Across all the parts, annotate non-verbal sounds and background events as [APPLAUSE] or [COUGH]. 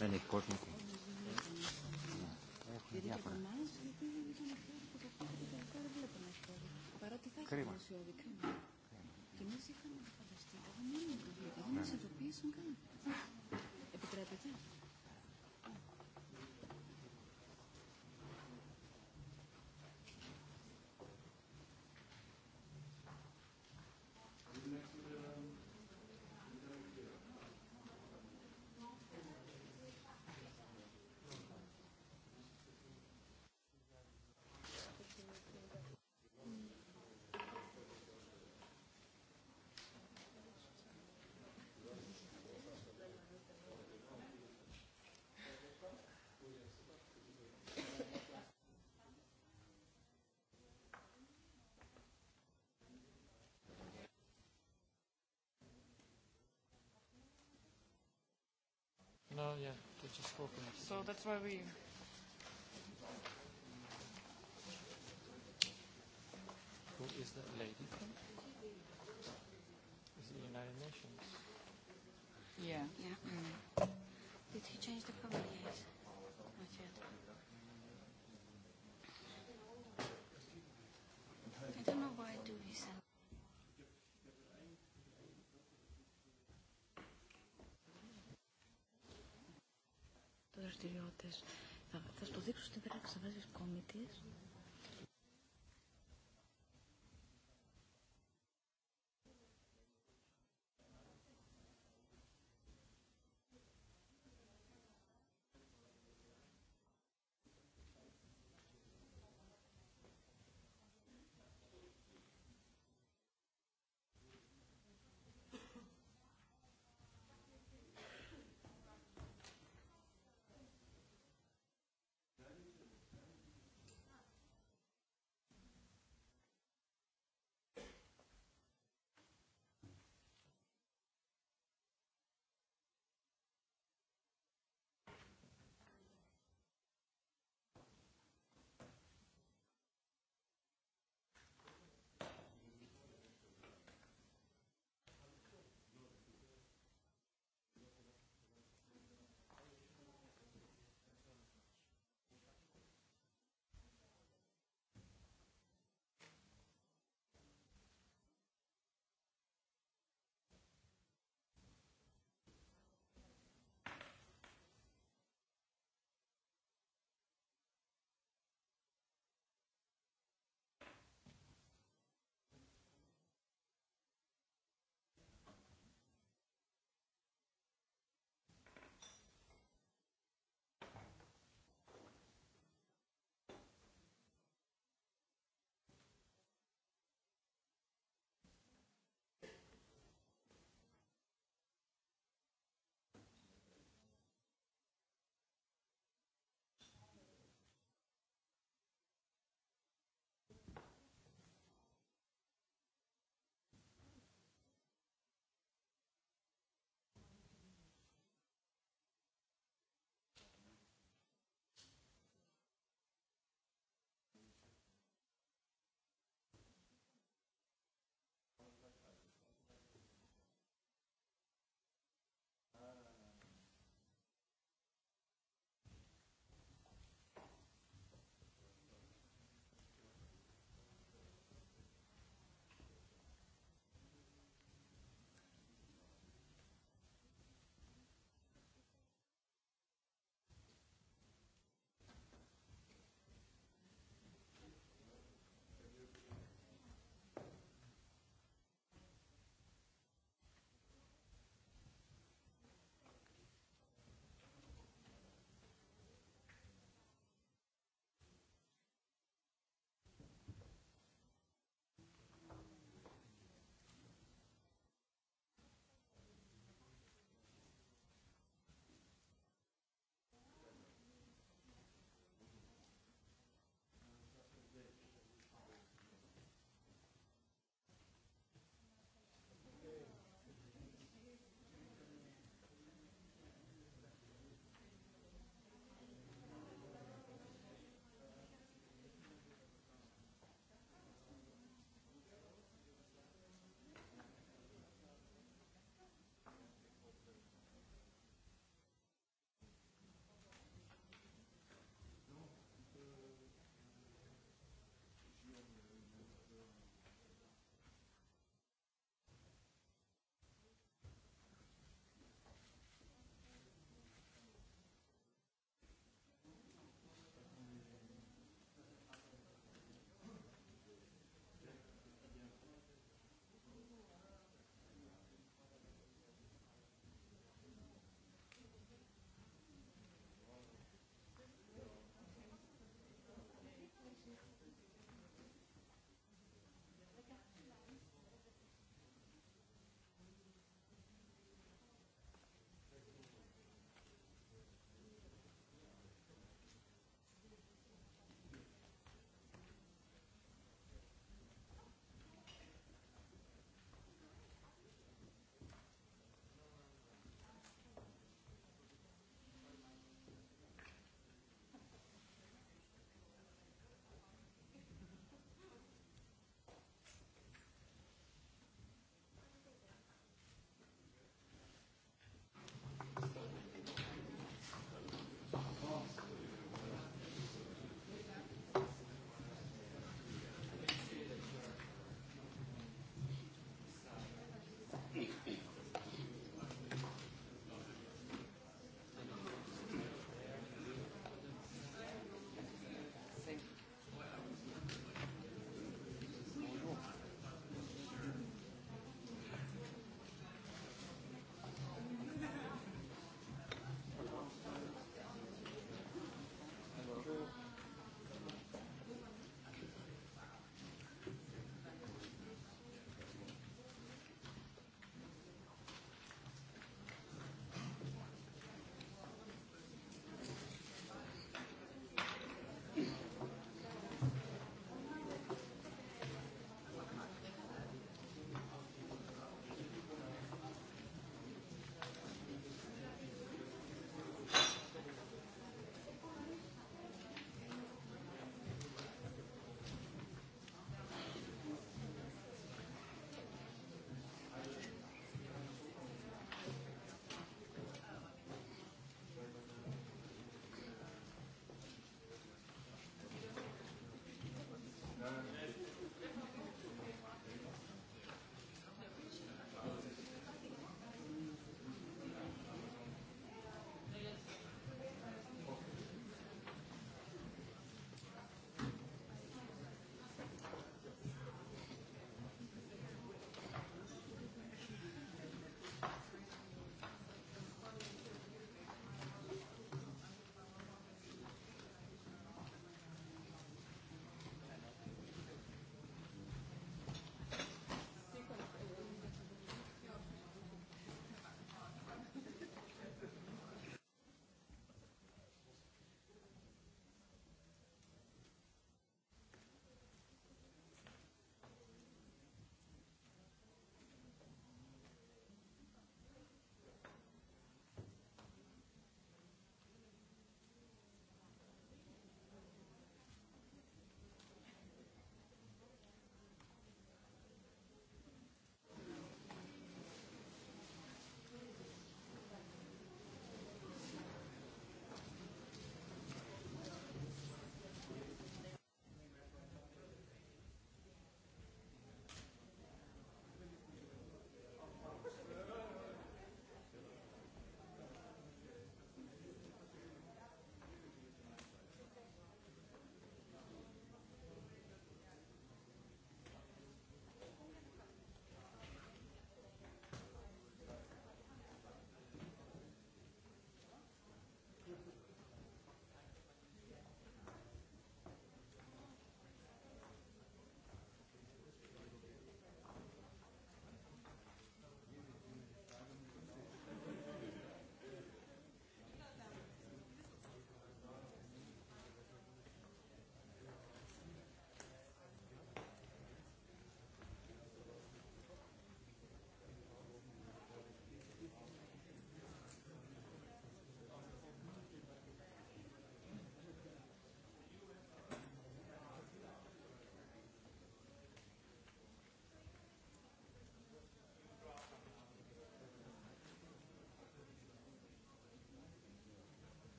Meni kotniki. Κρίμα. Και εμείς είχαμε φανταστεί. Δεν είναι το δεν είναι σε τοπίες, δεν Επιτρέπετε. people just hoping. So that's why we. Who is that lady from? Is the United Nations? Yeah. Yeah. Mm. Did he change the cover? Yes. Not yet. I don't know why I do this. And δραστηριότητε. Θα, θα στο δείξω στην πράξη να βάζει κόμιτε.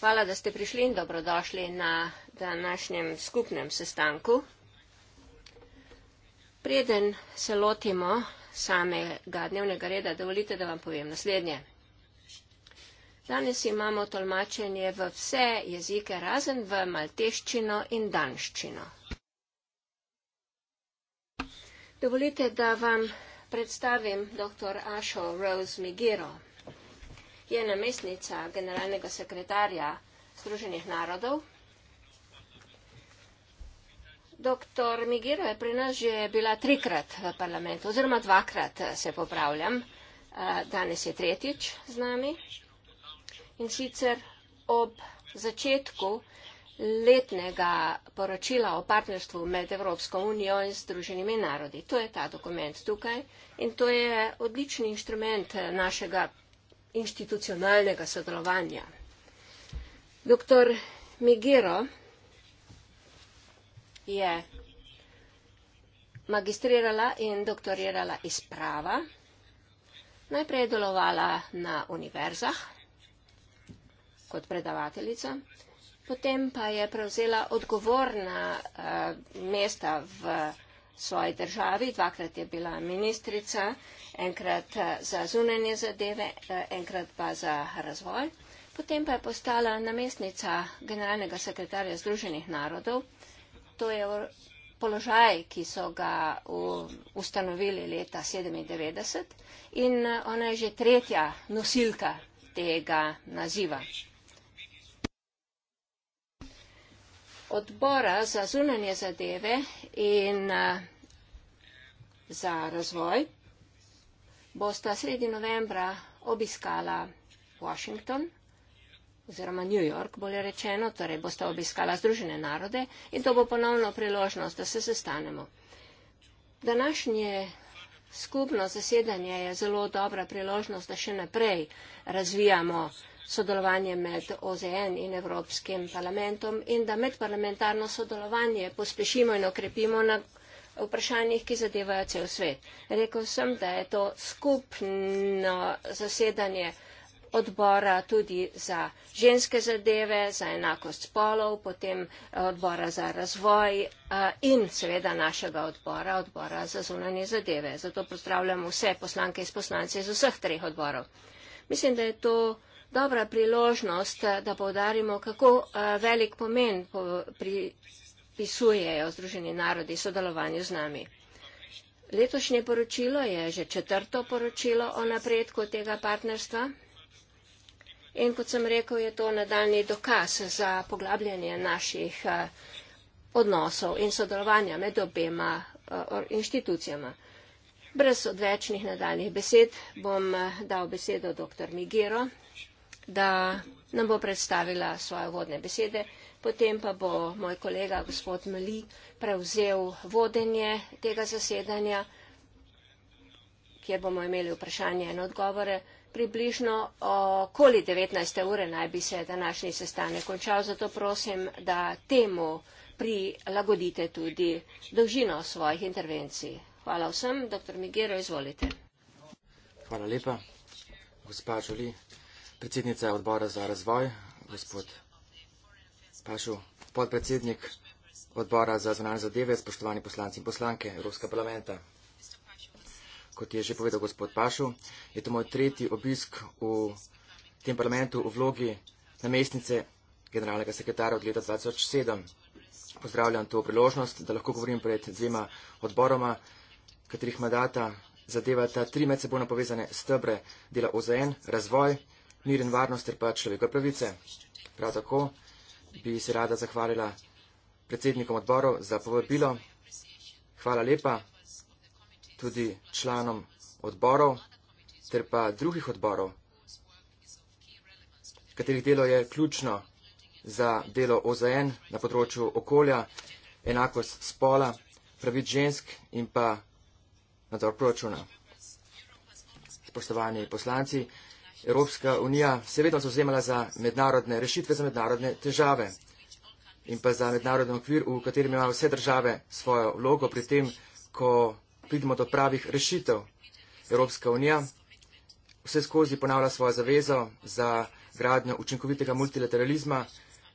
Hvala, da ste prišli in dobrodošli na današnjem skupnem sestanku. Preden se lotimo samega dnevnega reda, dovolite, da vam povem naslednje. Danes imamo tolmačenje v vse jezike, razen v malteščino in danščino. Dovolite, da vam predstavim dr. Ašo Rose Migiro je namestnica generalnega sekretarja Združenih narodov. Doktor Migiro je pri nas že bila trikrat v parlamentu, oziroma dvakrat se popravljam. Danes je tretjič z nami. In sicer ob začetku letnega poročila o partnerstvu med Evropsko unijo in Združenimi narodi. To je ta dokument tukaj in to je odlični inštrument našega institucionalnega sodelovanja. Dr. Migero je magistrirala in doktorirala iz prava. Najprej je delovala na univerzah kot predavateljica, potem pa je prevzela odgovorna uh, mesta v svoji državi, dvakrat je bila ministrica, enkrat eh, za zunanje zadeve, eh, enkrat pa za razvoj. Potem pa je postala namestnica generalnega sekretarja Združenih narodov. To je položaj, ki so ga ustanovili leta 1997 in eh, ona je že tretja nosilka tega naziva. Odbora za zunanje zadeve in za razvoj, bosta sredi novembra obiskala Washington oziroma New York, bolje rečeno, torej boste obiskala Združene narode in to bo ponovno priložnost, da se sestanemo. Današnje skupno zasedanje je zelo dobra priložnost, da še naprej razvijamo sodelovanje med OZN in Evropskim parlamentom in da medparlamentarno sodelovanje pospešimo in okrepimo na vprašanjih, ki zadevajo cel svet. Rekl sem, da je to skupno zasedanje odbora tudi za ženske zadeve, za enakost spolov, potem eh, odbora za razvoj eh, in seveda našega odbora, odbora za zunanje zadeve. Zato pozdravljam vse poslanke in poslance iz vseh treh odborov. Mislim, da je to dobra priložnost, eh, da povdarimo, kako velik pomen pri predpisujejo Združeni narodi sodelovanju z nami. Letošnje poročilo je že četrto poročilo o napredku tega partnerstva. In kot sem rekel, je to nadaljni dokaz za poglabljanje naših eh, odnosov in sodelovanja med obema eh, inštitucijama. Brez odvečnih nadaljnih besed bom eh, dal besedo dr. Migero, da nam bo predstavila svoje vodne besede. Potem pa bo moj kolega gospod Meli prevzel vodenje tega zasedanja, kjer bomo imeli vprašanje in odgovore. Približno okoli 19. ure naj bi se današnji sestanek končal, zato prosim, da temu prilagodite tudi dolžino svojih intervencij. Hvala vsem. Dr. Migero, izvolite. Hvala lepa. Gospa Žuli, predsednica odbora za razvoj, gospod Spašu, podpredsednik odbora za zvonanje zadeve, spoštovani poslanci in poslanke Evropska parlamenta. Kot je že povedal gospod Pašu, je to moj tretji obisk v tem parlamentu v vlogi namestnice generalnega sekretara od leta 2007. Pozdravljam to priložnost, da lahko govorim pred dvema odboroma, katerih mandata zadeva ta tri med seboj napovezane stebre dela OZN, razvoj, mir in varnost ter pa človekove pravice. Prav tako bi se rada zahvalila predsednikom odborov za povabilo. Hvala lepa tudi članom odborov ter pa drugih odborov, katerih delo je ključno za delo OZN na področju okolja, enakost spola, pravit žensk in pa nadzor proračuna. Spoštovani poslanci, Evropska unija seveda so zemala za mednarodne rešitve, za mednarodne težave in pa za mednarodni okvir, v katerem imajo vse države svojo vlogo pri tem, ko pridemo do pravih rešitev. Evropska unija vse skozi ponavlja svojo zavezo za gradnjo učinkovitega multilateralizma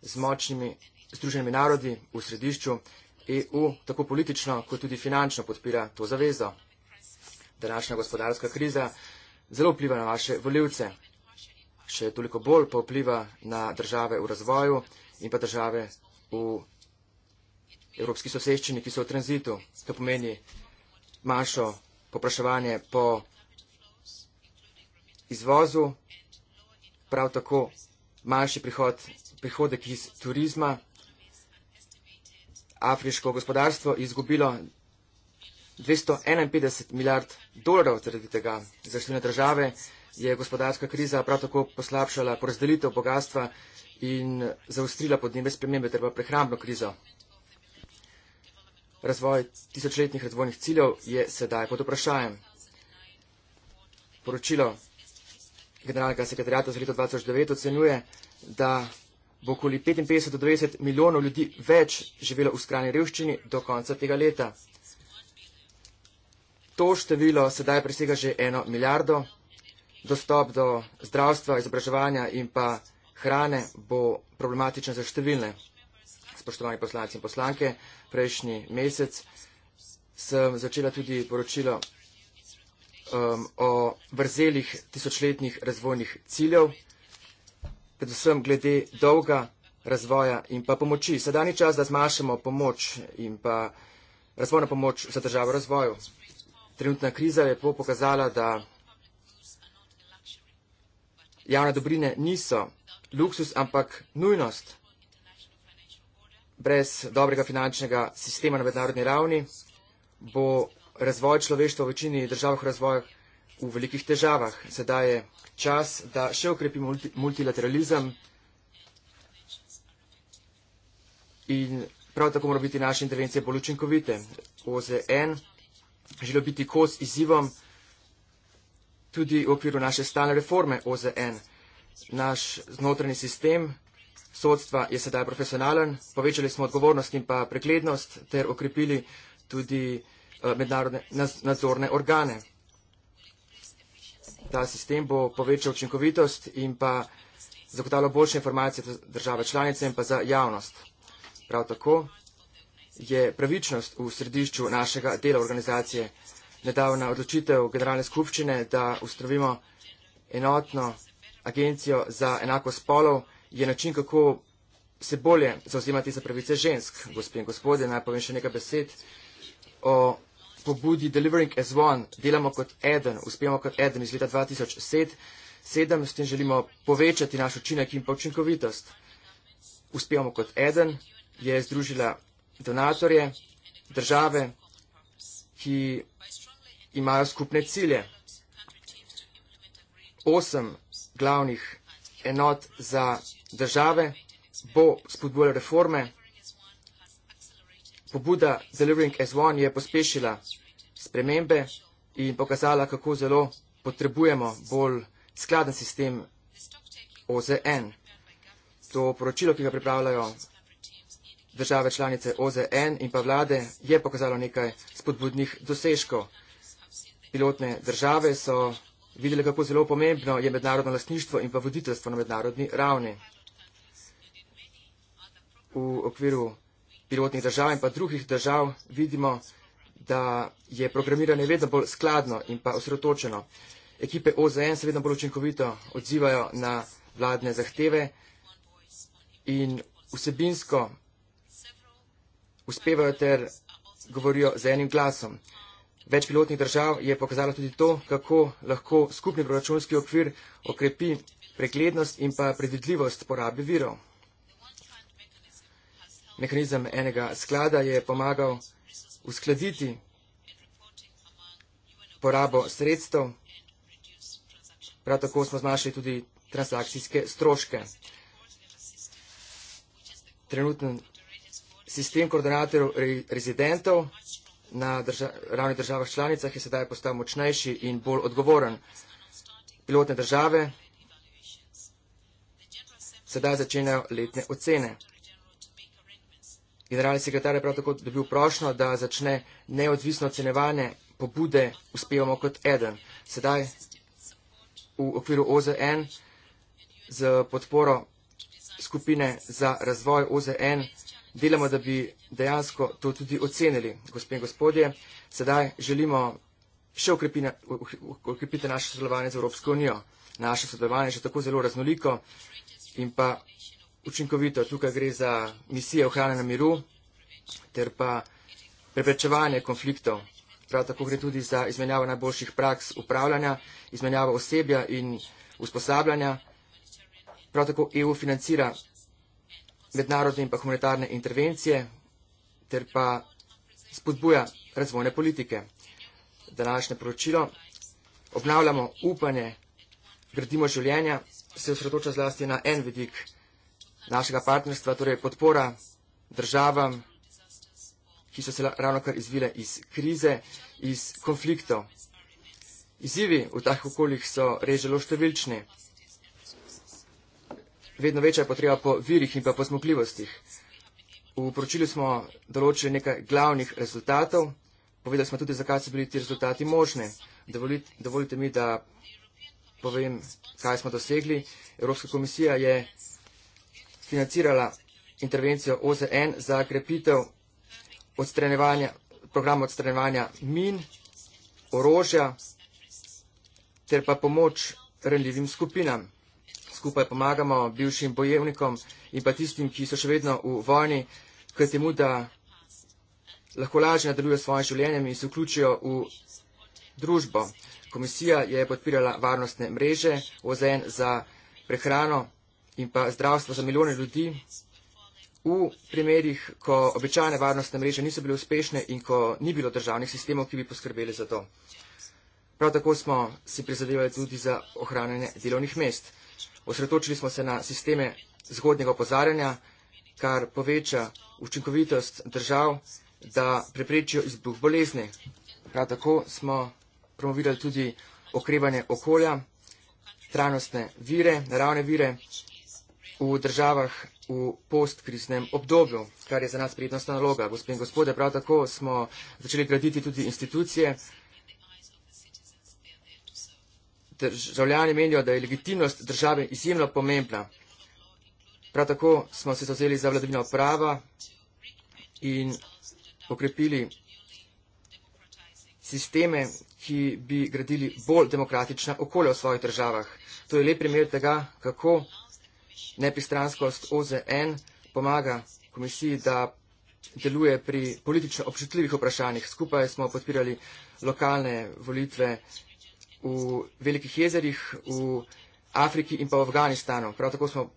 z močnimi združenimi narodi v središču. EU tako politično kot tudi finančno podpira to zavezo. Današnja gospodarska kriza zelo vpliva na vaše voljivce. Še toliko bolj pa vpliva na države v razvoju in pa države v evropski soseščini, ki so v tranzitu. To pomeni manjšo popraševanje po izvozu, prav tako manjši prihod, prihodek iz turizma. Afriško gospodarstvo je izgubilo 251 milijard dolarjev zaradi tega. Za številne države je gospodarska kriza prav tako poslabšala porazdelitev bogatstva in zaustrila podnebne spremembe ter pa prehrambno krizo. Razvoj tisočletnih razvojnih ciljev je sedaj pod vprašanjem. Poročilo generalnega sekretarjata za leto 2009 ocenjuje, da bo okoli 55 do 90 milijonov ljudi več živelo v skrajni revščini do konca tega leta. To število sedaj presega že eno milijardo. Dostop do zdravstva, izobraževanja in pa hrane bo problematičen za številne. Spoštovani poslanci in poslanke, prejšnji mesec sem začela tudi poročilo um, o vrzelih tisočletnih razvojnih ciljev, predvsem glede dolga, razvoja in pa pomoči. Sedaj ni čas, da zmašamo pomoč in pa razvojno pomoč za državo razvoju. Trenutna kriza je lepo pokazala, da javne dobrine niso luksus, ampak nujnost. Brez dobrega finančnega sistema na mednarodni ravni bo razvoj človeštva v večini državah razvoja v velikih težavah. Sedaj je čas, da še ukrepi multilateralizem in prav tako mora biti naše intervencije bolj učinkovite. OZN želel biti kos izzivom tudi v okviru naše stalne reforme OZN. Naš znotrajni sistem sodstva je sedaj profesionalen, povečali smo odgovornost in pa preglednost ter okrepili tudi eh, mednarodne nadzorne organe. Ta sistem bo povečal učinkovitost in pa zagotavljal boljše informacije za države članice in pa za javnost. Prav tako je pravičnost v središču našega dela organizacije. Nedavna odločitev generalne skupščine, da ustrovimo enotno agencijo za enako spolov, je način, kako se bolje zauzimati za pravice žensk. Gospod in gospode, naj povem še nekaj besed o pobudi Delivering as One. Delamo kot eden, uspemo kot eden iz leta 2007, s tem želimo povečati naš učinek in pa učinkovitost. Uspemo kot eden je združila donatorje, države, ki imajo skupne cilje. Osem glavnih enot za države bo spodbujala reforme. Pobuda Delivering as One je pospešila spremembe in pokazala, kako zelo potrebujemo bolj skladen sistem OZN. To poročilo, ki ga pripravljajo države članice OZN in pa vlade je pokazalo nekaj spodbudnih dosežkov. Pilotne države so videli, kako zelo pomembno je mednarodno lastništvo in pa voditeljstvo na mednarodni ravni. V okviru pilotnih držav in pa drugih držav vidimo, da je programiranje vedno bolj skladno in pa osredotočeno. Ekipe OZN se vedno bolj učinkovito odzivajo na vladne zahteve in vsebinsko uspevajo ter govorijo z enim glasom. Več pilotnih držav je pokazalo tudi to, kako lahko skupni proračunski okvir okrepi preglednost in pa predvidljivost porabe virov. Mehanizem enega sklada je pomagal uskladiti porabo sredstev, prav tako smo zmanjšali tudi transakcijske stroške. Trenutni Sistem koordinatorjev rezidentov na drža ravni državah članicah je sedaj postal močnejši in bolj odgovoren. Pilotne države sedaj začenjajo letne ocene. Generalni sekretar je prav tako dobil prošnjo, da začne neodvisno ocenevanje pobude Uspevamo kot eden. Sedaj v okviru OZN z podporo skupine za razvoj OZN delamo, da bi dejansko to tudi ocenili. Gospe in gospodje, sedaj želimo še ukrepiti naše sodelovanje z Evropsko unijo. Naše sodelovanje je že tako zelo raznoliko in pa učinkovito. Tukaj gre za misije ohranjanja miru ter pa preprečevanje konfliktov. Prav tako gre tudi za izmenjavo najboljših praks upravljanja, izmenjavo osebja in usposabljanja. Prav tako EU financira mednarodne in pa humanitarne intervencije ter pa spodbuja razvojne politike. Današnje poročilo obnavljamo upanje, gradimo življenja, se osredotoča zlasti na en vidik našega partnerstva, torej podpora državam, ki so se ravno kar izvile iz krize, iz konflikto. Izzivi v takih okoljih so res zelo številčni vedno večja potreba po virih in pa po zmogljivostih. V poročilu smo določili nekaj glavnih rezultatov, povedali smo tudi, zakaj so bili ti rezultati možne. Dovolite, dovolite mi, da povem, kaj smo dosegli. Evropska komisija je financirala intervencijo OZN za krepitev programa odstranjevanja min, orožja ter pa pomoč ranljivim skupinam skupaj pomagamo bivšim bojevnikom in pa tistim, ki so še vedno v vojni, k temu, da lahko lažje nadaljujejo svoje življenje in se vključijo v družbo. Komisija je podpirala varnostne mreže, OZN za prehrano in pa zdravstvo za milijone ljudi. V primerih, ko običajne varnostne mreže niso bile uspešne in ko ni bilo državnih sistemov, ki bi poskrbeli za to. Prav tako smo si prizadevali tudi za ohranjanje delovnih mest. Osredotočili smo se na sisteme zgodnjega opozarjanja, kar poveča učinkovitost držav, da preprečijo izbruh bolezni. Prav tako smo promovirali tudi okrevanje okolja, trajnostne vire, naravne vire v državah v postkriznem obdobju, kar je za nas prednostna naloga. Gospod in gospode, prav tako smo začeli graditi tudi institucije, državljani menijo, da je legitimnost države izjemno pomembna. Prav tako smo se zauzeli za vladavino prava in okrepili sisteme, ki bi gradili bolj demokratična okolja v svojih državah. To je lep primer tega, kako nepristranskost OZN pomaga komisiji, da deluje pri politično občutljivih vprašanjih. Skupaj smo podpirali lokalne volitve v velikih jezerih, v Afriki in pa v Afganistanu. Prav tako smo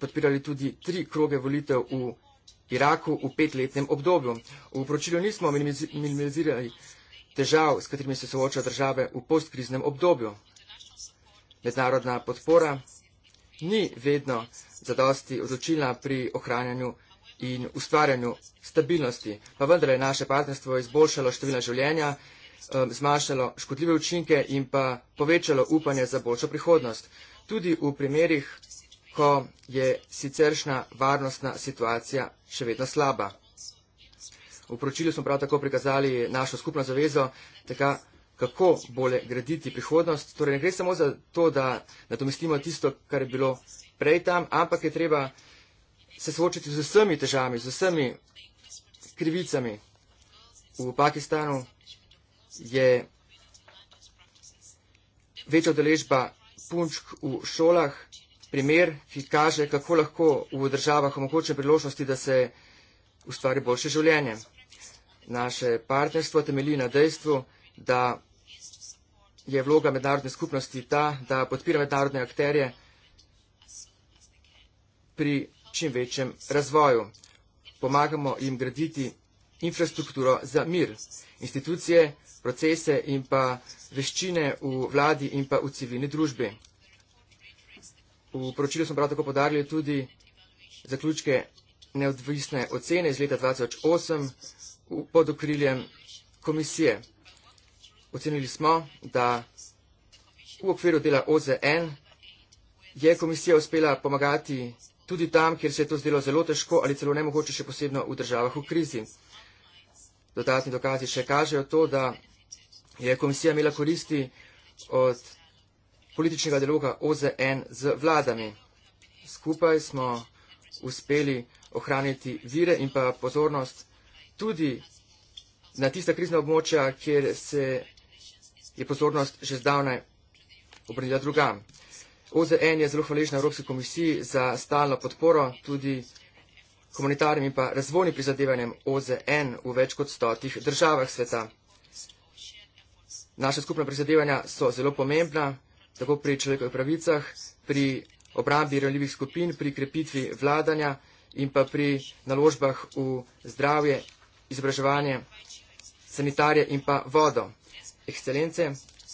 podpirali tudi tri kroge volitev v Iraku v petletnem obdobju. V poročilu nismo minimizirali težav, s katerimi se soočajo države v postkriznem obdobju. Mednarodna podpora ni vedno zadosti odločila pri ohranjanju in ustvarjanju stabilnosti, pa vendar je naše partnerstvo izboljšalo število življenja um, zmanjšalo škodljive učinke in pa povečalo upanje za boljšo prihodnost. Tudi v primerih, ko je siceršna varnostna situacija še vedno slaba. V poročilju smo prav tako prikazali našo skupno zavezo, tako kako bolje graditi prihodnost. Torej ne gre samo za to, da nadomestimo tisto, kar je bilo prej tam, ampak je treba se soočiti z vsemi težami, z vsemi krivicami. V Pakistanu je večja deležba punčk v šolah, primer, ki kaže, kako lahko v državah omogoče priložnosti, da se ustvari boljše življenje. Naše partnerstvo temelji na dejstvu, da je vloga mednarodne skupnosti ta, da podpira mednarodne akterje pri čim večjem razvoju. Pomagamo jim graditi infrastrukturo za mir. Institucije procese in pa veščine v vladi in pa v civilni družbi. V poročilu smo prav tako podarili tudi zaključke neodvisne ocene iz leta 2008 pod okriljem komisije. Ocenili smo, da v okviru dela OZN je komisija uspela pomagati tudi tam, kjer se je to zdelo zelo težko ali celo nemogoče še posebno v državah v krizi. Dodatni dokazi še kažejo to, da je komisija imela koristi od političnega dialoga OZN z vladami. Skupaj smo uspeli ohraniti vire in pa pozornost tudi na tista krizna območja, kjer se je pozornost že zdavnaj obrnila drugam. OZN je zelo hvaležna Evropski komisiji za stalno podporo tudi komunitarnim in pa razvojnim prizadevanjem OZN v več kot stotih državah sveta. Naša skupna prizadevanja so zelo pomembna, tako pri človekovih pravicah, pri obrambi ranljivih skupin, pri krepitvi vladanja in pa pri naložbah v zdravje, izobraževanje, sanitarje in pa vodo. Ekscelence,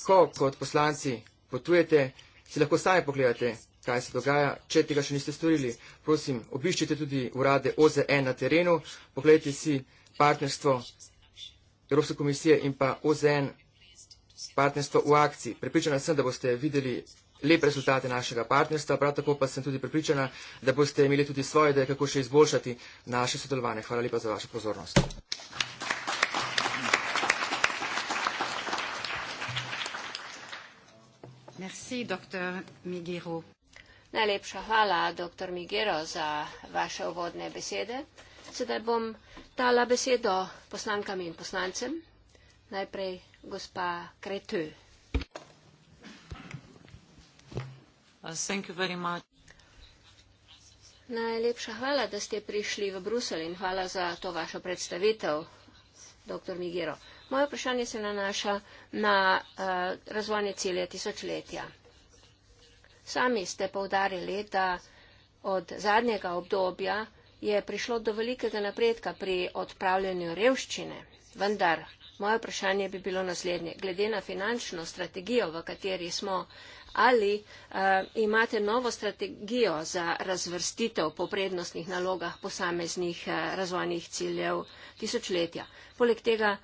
ko kot poslanci potujete, si lahko sami pogledate, kaj se dogaja, če tega še niste storili. Prosim, obiščite tudi urade OZN e na terenu, pogledajte si partnerstvo Evropske komisije in pa OZN e partnerstvo v akciji. Pripričana sem, da boste videli lepe rezultate našega partnerstva, prav tako pa sem tudi pripričana, da boste imeli tudi svoje, da je kako še izboljšati naše sodelovanje. Hvala lepa za vašo pozornost. Merci, doktor Migiro. Najlepša hvala, doktor Migiro, za vaše uvodne besede. Sedaj bom dala besedo poslankam in poslancem. Najprej gospa Kretö. Uh, Najlepša hvala, da ste prišli v Brusel in hvala za to vašo predstavitev, dr. Migiro. Moje vprašanje se nanaša na uh, razvojne cilje tisočletja. Sami ste povdarili, da od zadnjega obdobja je prišlo do velikega napredka pri odpravljanju revščine, vendar Moje vprašanje bi bilo naslednje. Glede na finančno strategijo, v kateri smo, ali uh, imate novo strategijo za razvrstitev po prednostnih nalogah posameznih uh, razvojnih ciljev tisočletja? Poleg tega,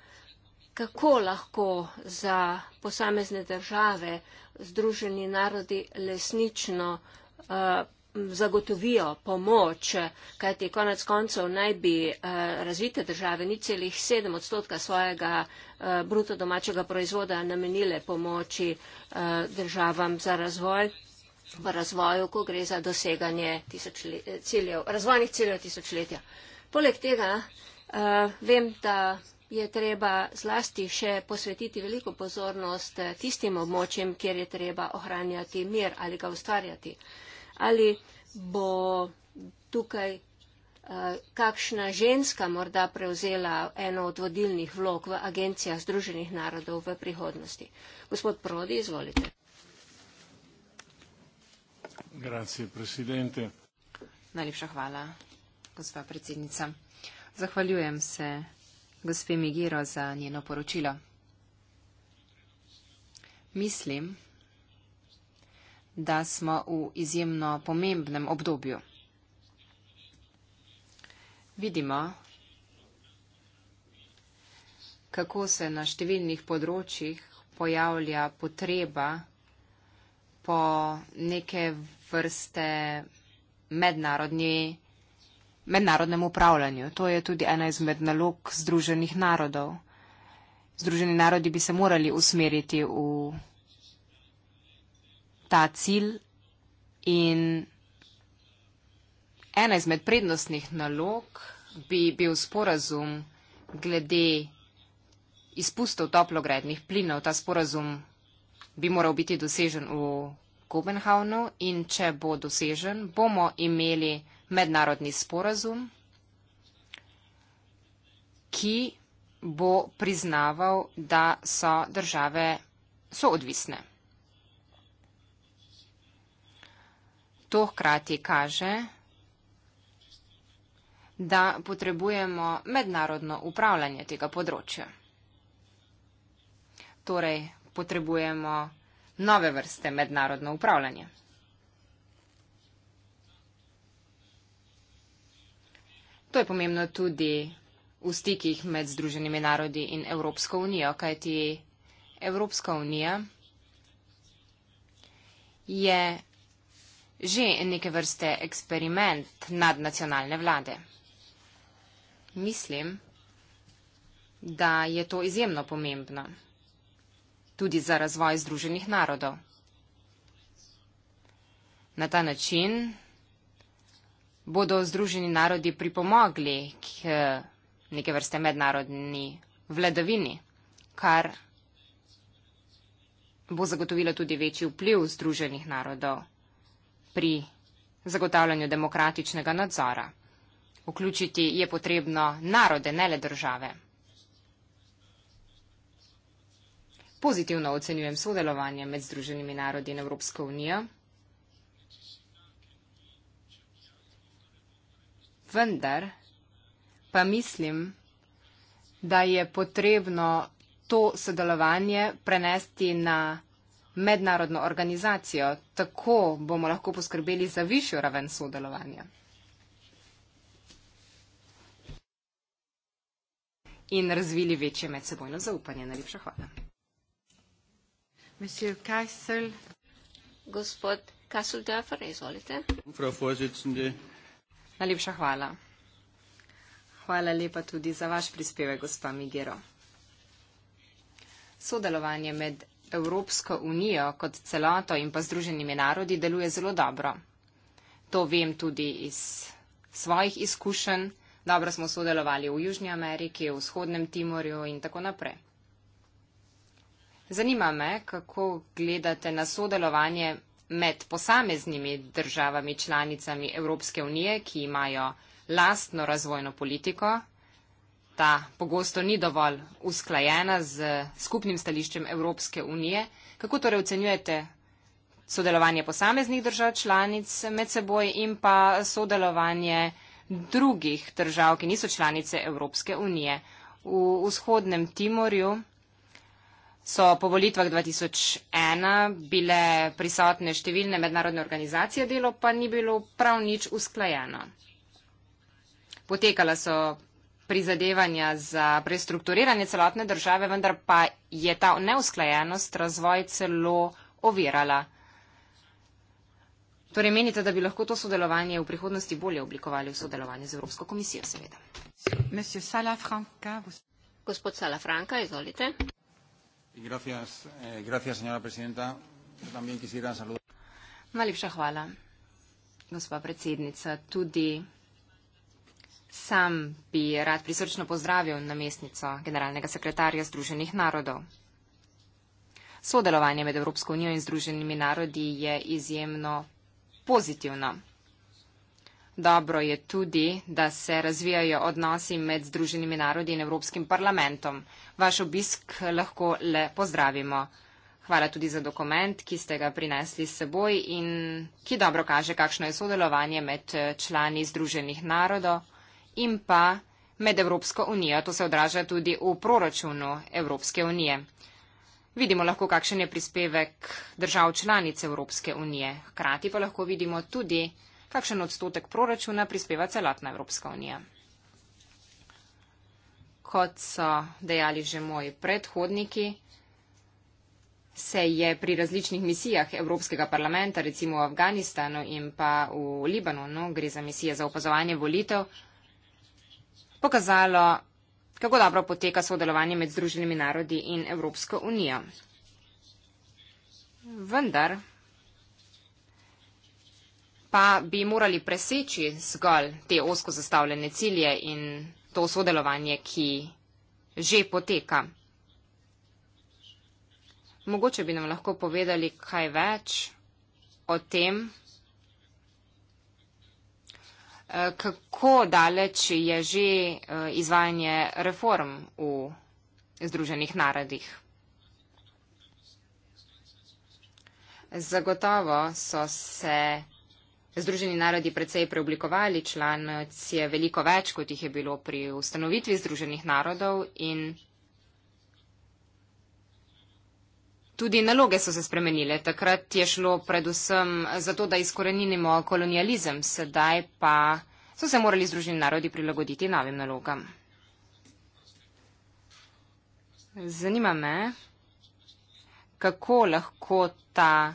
kako lahko za posamezne države Združeni narodi lesnično uh, zagotovijo pomoč, kajti konec koncev naj bi eh, razvite države ni celih sedem odstotka svojega eh, bruto domačega proizvoda namenile pomoči eh, državam za razvoj v razvoju, ko gre za doseganje ciljev, razvojnih ciljev tisočletja. Poleg tega vem, da je treba zlasti še posvetiti veliko pozornost tistim območjem, kjer je treba ohranjati mir ali ga ustvarjati ali bo tukaj eh, kakšna ženska morda prevzela eno od vodilnih vlog v Agencijah Združenih narodov v prihodnosti. Gospod Prodi, izvolite. Grazie, presidente. Najlepša hvala, gospa predsednica. Zahvaljujem se gospe Migiro za njeno poročilo. Mislim, da smo v izjemno pomembnem obdobju. Vidimo, kako se na številnih področjih pojavlja potreba po neke vrste mednarodnem upravljanju. To je tudi ena izmed nalog Združenih narodov. Združeni narodi bi se morali usmeriti v ta cilj in ena izmed prednostnih nalog bi bil sporazum glede izpustov toplogrednih plinov. Ta sporazum bi moral biti dosežen v Kopenhavnu in če bo dosežen, bomo imeli mednarodni sporazum, ki bo priznaval, da so države soodvisne. To hkrati kaže, da potrebujemo mednarodno upravljanje tega področja. Torej, potrebujemo nove vrste mednarodno upravljanje. To je pomembno tudi v stikih med Združenimi narodi in Evropsko unijo, kajti Evropska unija je že neke vrste eksperiment nadnacionalne vlade. Mislim, da je to izjemno pomembno, tudi za razvoj Združenih narodov. Na ta način bodo Združeni narodi pripomogli k eh, neke vrste mednarodni vladavini, kar bo zagotovilo tudi večji vpliv Združenih narodov pri zagotavljanju demokratičnega nadzora. Vključiti je potrebno narode, ne le države. Pozitivno ocenjujem sodelovanje med Združenimi narodi in Evropsko unijo, vendar pa mislim, da je potrebno to sodelovanje prenesti na mednarodno organizacijo. Tako bomo lahko poskrbeli za višjo raven sodelovanja. In razvili večje medsebojno zaupanje. Najlepša hvala. Monsieur Kajsel. Gospod Kasseldorfer, izvolite. Najlepša hvala. Hvala lepa tudi za vaš prispevek, gospa Migero. Sodelovanje med Evropska unija kot celato in pa Združenimi narodi deluje zelo dobro. To vem tudi iz svojih izkušenj. Dobro smo sodelovali v Južnji Ameriki, v Vzhodnem Timorju in tako naprej. Zanima me, kako gledate na sodelovanje med posameznimi državami članicami Evropske unije, ki imajo lastno razvojno politiko ta pogosto ni dovolj usklajena z skupnim stališčem Evropske unije. Kako torej ocenjujete sodelovanje posameznih držav članic med seboj in pa sodelovanje drugih držav, ki niso članice Evropske unije? V vzhodnem Timorju so po volitvah 2001 bile prisotne številne mednarodne organizacije, delo pa ni bilo prav nič usklajeno. Potekala so prizadevanja za prestrukturiranje celotne države, vendar pa je ta neusklajenost razvoj celo ovirala. Torej menite, da bi lahko to sodelovanje v prihodnosti bolje oblikovali v sodelovanje z Evropsko komisijo, seveda. Gospod Sala Franka, izvolite. Eh, Najlepša hvala, gospa predsednica. Tudi Sam bi rad prisrčno pozdravil namestnico generalnega sekretarja Združenih narodov. Sodelovanje med Evropsko unijo in Združenimi narodi je izjemno pozitivno. Dobro je tudi, da se razvijajo odnosi med Združenimi narodi in Evropskim parlamentom. Vaš obisk lahko le pozdravimo. Hvala tudi za dokument, ki ste ga prinesli s seboj in ki dobro kaže, kakšno je sodelovanje med člani Združenih narodov in pa med Evropsko unijo. To se odraža tudi v proračunu Evropske unije. Vidimo lahko, kakšen je prispevek držav članic Evropske unije. Hkrati pa lahko vidimo tudi, kakšen odstotek proračuna prispeva celotna Evropska unija. Kot so dejali že moji predhodniki, se je pri različnih misijah Evropskega parlamenta, recimo v Afganistanu in pa v Libanonu, gre za misije za opazovanje volitev, pokazalo, kako dobro poteka sodelovanje med Združenimi narodi in Evropsko unijo. Vendar pa bi morali preseči zgolj te osko zastavljene cilje in to sodelovanje, ki že poteka. Mogoče bi nam lahko povedali kaj več o tem, kako daleč je že eh, izvajanje reform v Združenih narodih. Zagotovo so se Združeni narodi precej preoblikovali, članec je veliko več, kot jih je bilo pri ustanovitvi Združenih narodov in tudi naloge so se spremenile. Takrat je šlo predvsem za to, da izkorenimo kolonializem, sedaj pa so se morali združeni narodi prilagoditi novim nalogam. Zanima me, kako lahko ta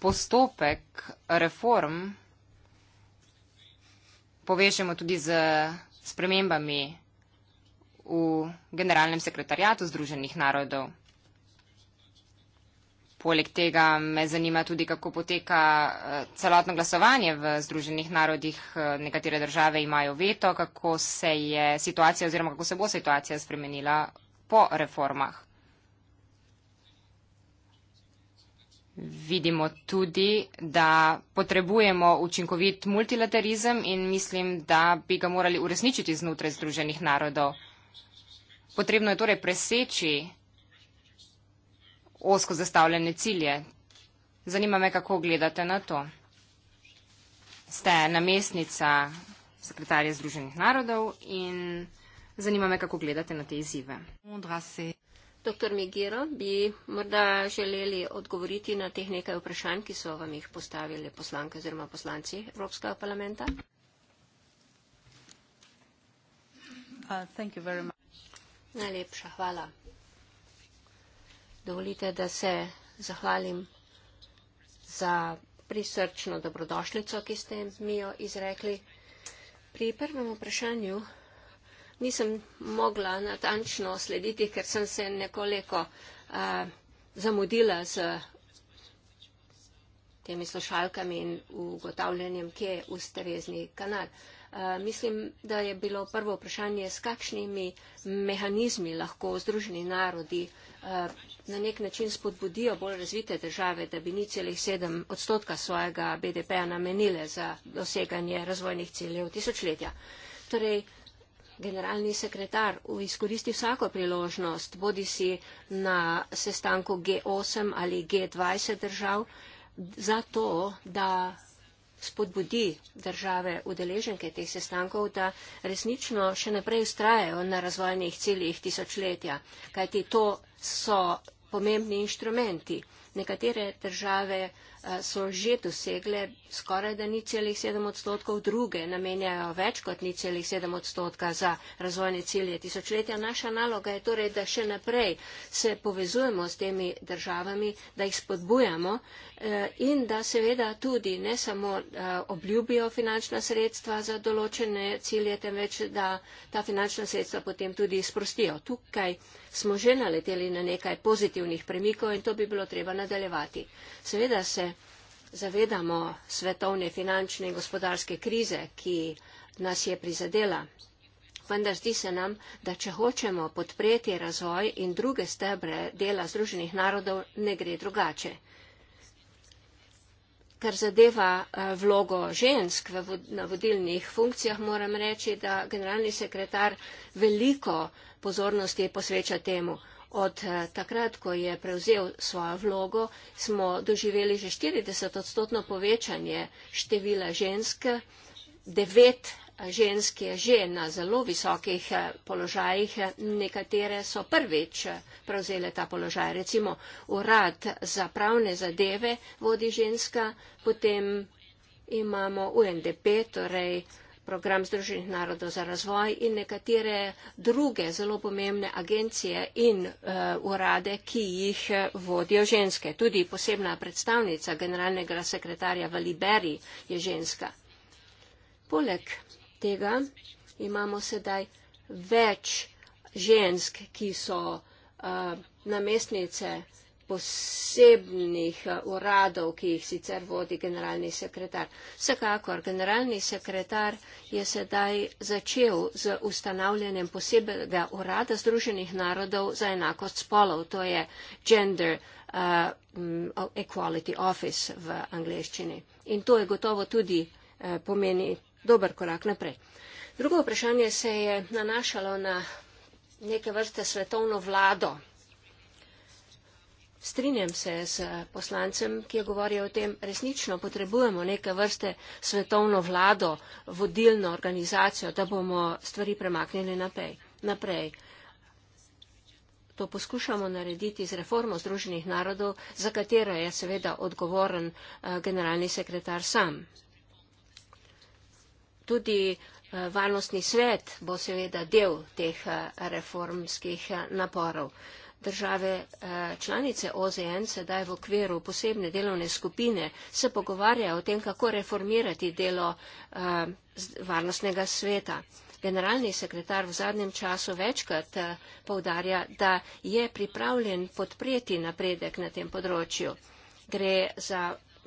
postopek reform povežemo tudi z spremembami v generalnem sekretarjatu Združenih narodov. Poleg tega me zanima tudi, kako poteka eh, celotno glasovanje v Združenih narodih. Eh, nekatere države imajo veto, kako se je situacija oziroma kako se bo situacija spremenila po reformah. Vidimo tudi, da potrebujemo učinkovit multilaterizem in mislim, da bi ga morali uresničiti znotraj Združenih narodov. Potrebno je torej preseči osko zastavljene cilje. Zanima me, kako gledate na to. Ste namestnica sekretarja Združenih narodov in zanima me, kako gledate na te izzive. Doktor Migiro, bi morda želeli odgovoriti na teh nekaj vprašanj, ki so vam jih postavili poslanke oziroma poslanci Evropskega parlamenta? Uh, Najlepša hvala. Dovolite, da se zahvalim za prisrčno dobrodošlico, ki ste mi jo izrekli. Pri prvem vprašanju nisem mogla natančno slediti, ker sem se nekoliko a, zamudila z temi slušalkami in ugotavljanjem, kje je ustrezni kanal. Eh, mislim, da je bilo prvo vprašanje, s kakšnimi mehanizmi lahko združeni narodi eh, na nek način spodbudijo bolj razvite države, da bi ni celih sedem odstotka svojega BDP-a namenile za doseganje razvojnih ciljev tisočletja. Torej, generalni sekretar izkoristi vsako priložnost, bodi si na sestanku G8 ali G20 držav, zato, da spodbudi države udeleženke teh sestankov, da resnično še naprej ustrajajo na razvojnih ciljih tisočletja, kajti to so pomembni inštrumenti. Nekatere države Eh, so že dosegle skoraj da ni celih sedem odstotkov, druge namenjajo več kot ni celih sedem odstotka za razvojne cilje tisočletja. Naša naloga je torej, da še naprej se povezujemo s temi državami, da jih spodbujamo eh, in da seveda tudi ne samo eh, obljubijo finančna sredstva za določene cilje, temveč da ta finančna sredstva potem tudi sprostijo. Tukaj smo že naleteli na nekaj pozitivnih premikov in to bi bilo treba nadaljevati. Seveda se zavedamo svetovne finančne in gospodarske krize, ki nas je prizadela. Vendar zdi se nam, da če hočemo podpreti razvoj in druge stebre dela Združenih narodov, ne gre drugače. Kar zadeva eh, vlogo žensk na vodilnih funkcijah, moram reči, da generalni sekretar veliko pozornosti posveča temu. Od eh, takrat, ko je prevzel svojo vlogo, smo doživeli že 40 odstotno povečanje števila žensk. Devet eh, žensk je že na zelo visokih eh, položajih, nekatere so prvič prevzele ta položaj. Recimo urad za pravne zadeve vodi ženska, potem imamo UNDP, torej program Združenih narodov za razvoj in nekatere druge zelo pomembne agencije in uh, urade, ki jih eh, vodijo ženske. Tudi posebna predstavnica generalnega sekretarja v Liberi je ženska. Poleg tega imamo sedaj več žensk, ki so uh, namestnice uh, posebnih eh, uradov, ki jih sicer vodi generalni sekretar. Vsekakor, generalni sekretar je sedaj začel z ustanavljanjem posebnega urada Združenih narodov za enakost spolov, to je Gender uh, Equality Office v angleščini. In to je gotovo tudi uh, pomeni dober korak naprej. Drugo vprašanje se je nanašalo na neke vrste svetovno vlado Strinjam se s poslancem, ki je govoril o tem, resnično potrebujemo neke vrste svetovno vlado, vodilno organizacijo, da bomo stvari premaknili naprej. naprej. To poskušamo narediti z reformo Združenih narodov, za katero je seveda odgovoren eh, generalni sekretar sam. Tudi eh, varnostni svet bo seveda del teh eh, reformskih naporov države eh, članice OZN sedaj v okviru posebne delovne skupine se pogovarjajo o tem, kako reformirati delo eh, varnostnega sveta. Generalni sekretar v zadnjem času večkrat eh, povdarja, da je pripravljen podpreti napredek na tem področju. Gre za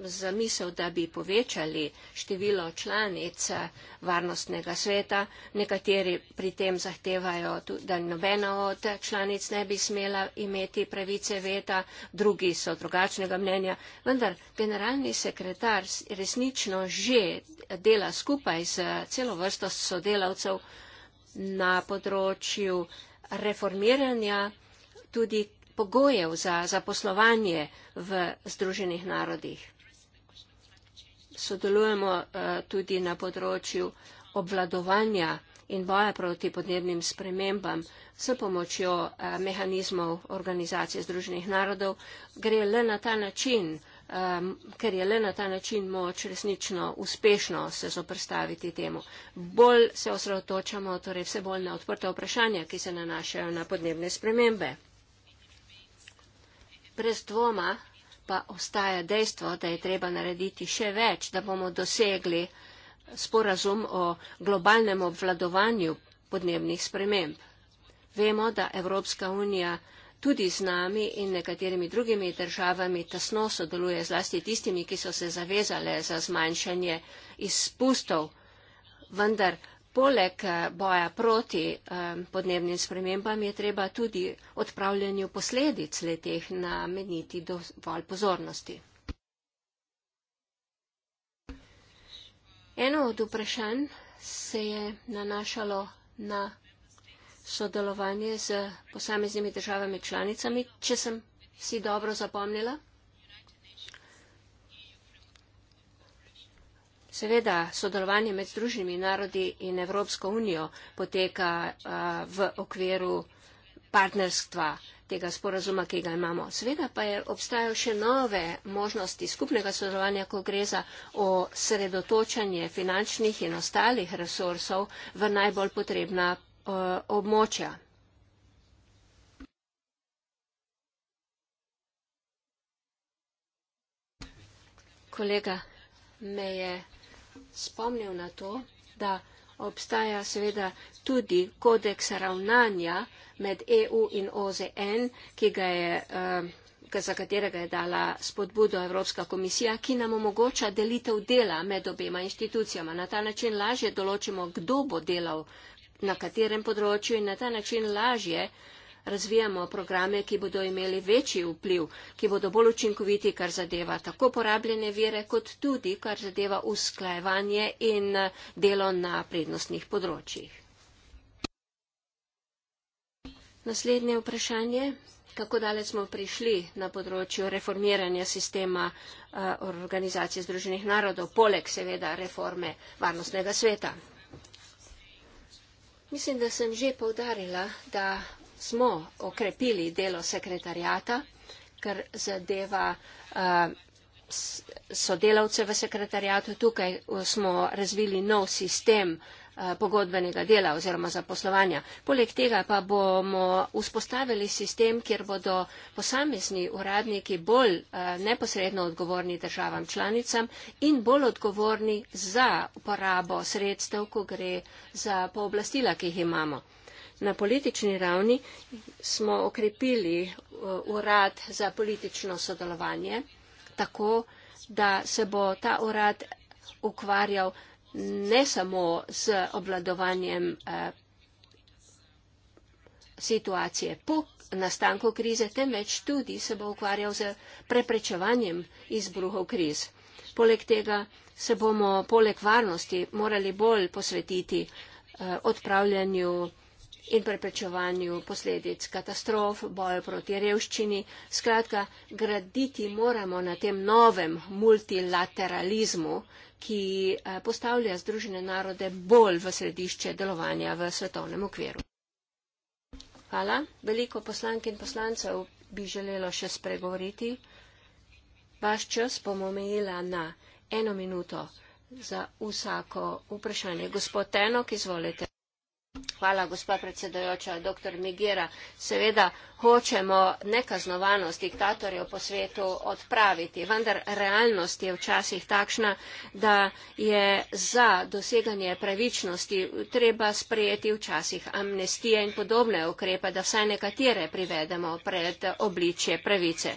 zamisel, da bi povečali število članic eh, varnostnega sveta. Nekateri pri tem zahtevajo, da nobena od članic ne bi smela imeti pravice veta, drugi so drugačnega mnenja. Vendar generalni sekretar resnično že dela skupaj z celo vrsto sodelavcev na področju reformiranja tudi pogojev za zaposlovanje v Združenih narodih sodelujemo eh, tudi na področju obvladovanja in boja proti podnebnim spremembam s pomočjo eh, mehanizmov organizacije Združenih narodov, gre le na ta način, ker je le na ta način moč resnično uspešno se zoprstaviti temu. Bolj se osredotočamo, torej vse bolj na odprte vprašanja, ki se nanašajo na podnebne spremembe. Brez dvoma pa ostaja dejstvo, da je treba narediti še več, da bomo dosegli sporazum o globalnem obvladovanju podnebnih sprememb. Vemo, da Evropska unija tudi z nami in nekaterimi drugimi državami tesno sodeluje zlasti tistimi, ki so se zavezale za zmanjšanje izpustov, vendar Poleg eh, boja proti eh, podnebnim spremembam je treba tudi odpravljanju posledic leteh nameniti dovolj pozornosti. Eno od vprašanj se je nanašalo na sodelovanje z posameznimi državami članicami, če sem si dobro zapomnila. Seveda, sodelovanje med Združenimi narodi in Evropsko unijo poteka uh, v okviru partnerstva tega sporazuma, ki ga imamo. Seveda pa je obstajajo še nove možnosti skupnega sodelovanja, ko gre za osredotočanje finančnih in ostalih resursov v najbolj potrebna uh, območja. Kolega me je spomnil na to, da obstaja seveda tudi kodeks ravnanja med EU in OZN, ki ga je. Uh, za katerega je dala spodbudo Evropska komisija, ki nam omogoča delitev dela med obema inštitucijama. Na ta način lažje določimo, kdo bo delal na katerem področju in na ta način lažje uh, razvijamo programe, ki bodo imeli večji vpliv, ki bodo bolj učinkoviti, kar zadeva tako porabljene vire, kot tudi, kar zadeva usklajevanje in eh, delo na prednostnih področjih. Naslednje vprašanje. Kako dalec smo prišli na področju reformiranja sistema eh, organizacije Združenih narodov, poleg seveda reforme varnostnega sveta? Mislim, da sem že povdarila, da smo okrepili delo sekretarjata, ker zadeva eh, sodelavce v sekretarjatu. Tukaj eh, smo razvili nov sistem eh, pogodbenega dela oziroma zaposlovanja. Poleg tega pa bomo vzpostavili sistem, kjer bodo posamezni uradniki bolj neposredno odgovorni državam članicam in bolj odgovorni za uporabo sredstev, ko gre za pooblastila, ki jih imamo. Na politični ravni smo okrepili uh, urad za politično sodelovanje tako, da se bo ta urad ukvarjal ne samo z obladovanjem uh, situacije po nastanku krize, temveč tudi se bo ukvarjal z preprečevanjem izbruhov kriz. Poleg tega se bomo poleg varnosti morali bolj posvetiti uh, odpravljanju in preprečevanju posledic katastrof, boju proti revščini. Skratka, graditi moramo na tem novem multilateralizmu, ki eh, postavlja Združene narode bolj v središče delovanja v svetovnem okviru. Hvala. Veliko poslank in poslancev bi želelo še spregovoriti. Vaš čas bom omejila na eno minuto za vsako vprašanje. Gospod Tenok, izvolite. Hvala, gospa predsedojoča, doktor Migera. Seveda hočemo nekaznovanost diktatorjev po svetu odpraviti, vendar realnost je včasih takšna, da je za doseganje pravičnosti treba sprejeti včasih amnestije in podobne ukrepe, da vsaj nekatere privedemo pred obličje pravice.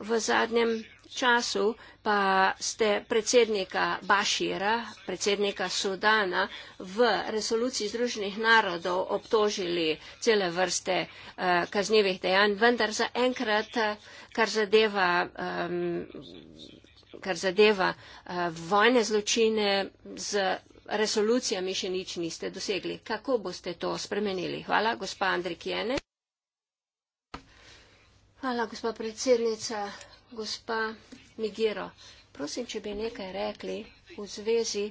V zadnjem času pa ste predsednika Bašira, predsednika Sudana, v resoluciji Združenih narodov obtožili cele vrste eh, kaznjivih dejanj, vendar za enkrat, eh, kar zadeva, eh, kar zadeva eh, vojne zločine, z resolucijami še nič niste dosegli. Kako boste to spremenili? Hvala, gospa Andrik Jene. Hvala, gospa predsednica gospa Migiro, prosim, če bi nekaj rekli v zvezi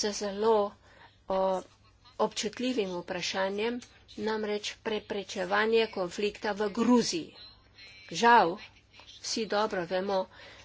z zelo o, občutljivim vprašanjem, namreč preprečevanje konflikta v Gruziji. Žal, vsi dobro vemo,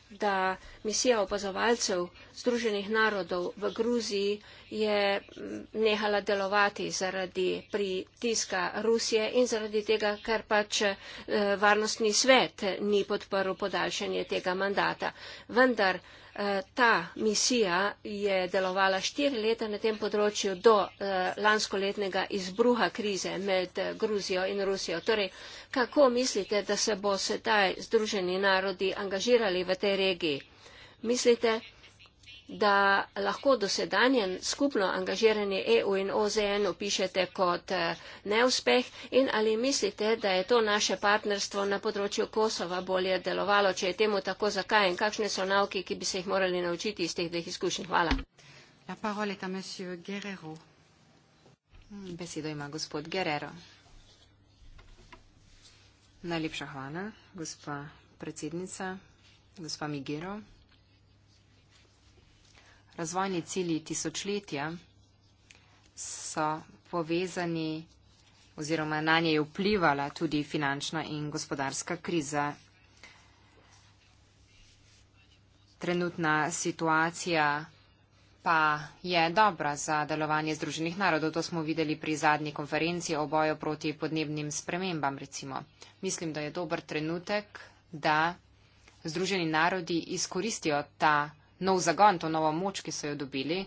da misija opazovalcev Združenih narodov v Gruziji je mm, nehala delovati zaradi pritiska Rusije in zaradi tega, ker pač eh, varnostni svet ni podprl podaljšanje tega mandata. Vendar Eh, ta misija je delovala štiri leta na tem področju do eh, lanskoletnega izbruha krize med eh, Gruzijo in Rusijo. Torej, kako mislite, da se bo sedaj Združeni narodi angažirali v tej regiji? Mislite, da lahko dosedanje skupno angažiranje EU in OZN opišete kot eh, neuspeh in ali mislite, da je to naše partnerstvo na področju Kosova bolje delovalo, če je temu tako, zakaj in kakšne so nauke, ki bi se jih morali naučiti iz teh dveh izkušenj. Hvala. Hmm, besedo ima gospod Guerrero. Najlepša hvala, gospa predsednica, gospa Migero razvojni cilji tisočletja so povezani oziroma na nje je vplivala tudi finančna in gospodarska kriza. Trenutna situacija pa je dobra za delovanje Združenih narodov, to smo videli pri zadnji konferenci o boju proti podnebnim spremembam, recimo. Mislim, da je dober trenutek, da Združeni narodi izkoristijo ta nov zagon, to novo moč, ki so jo dobili.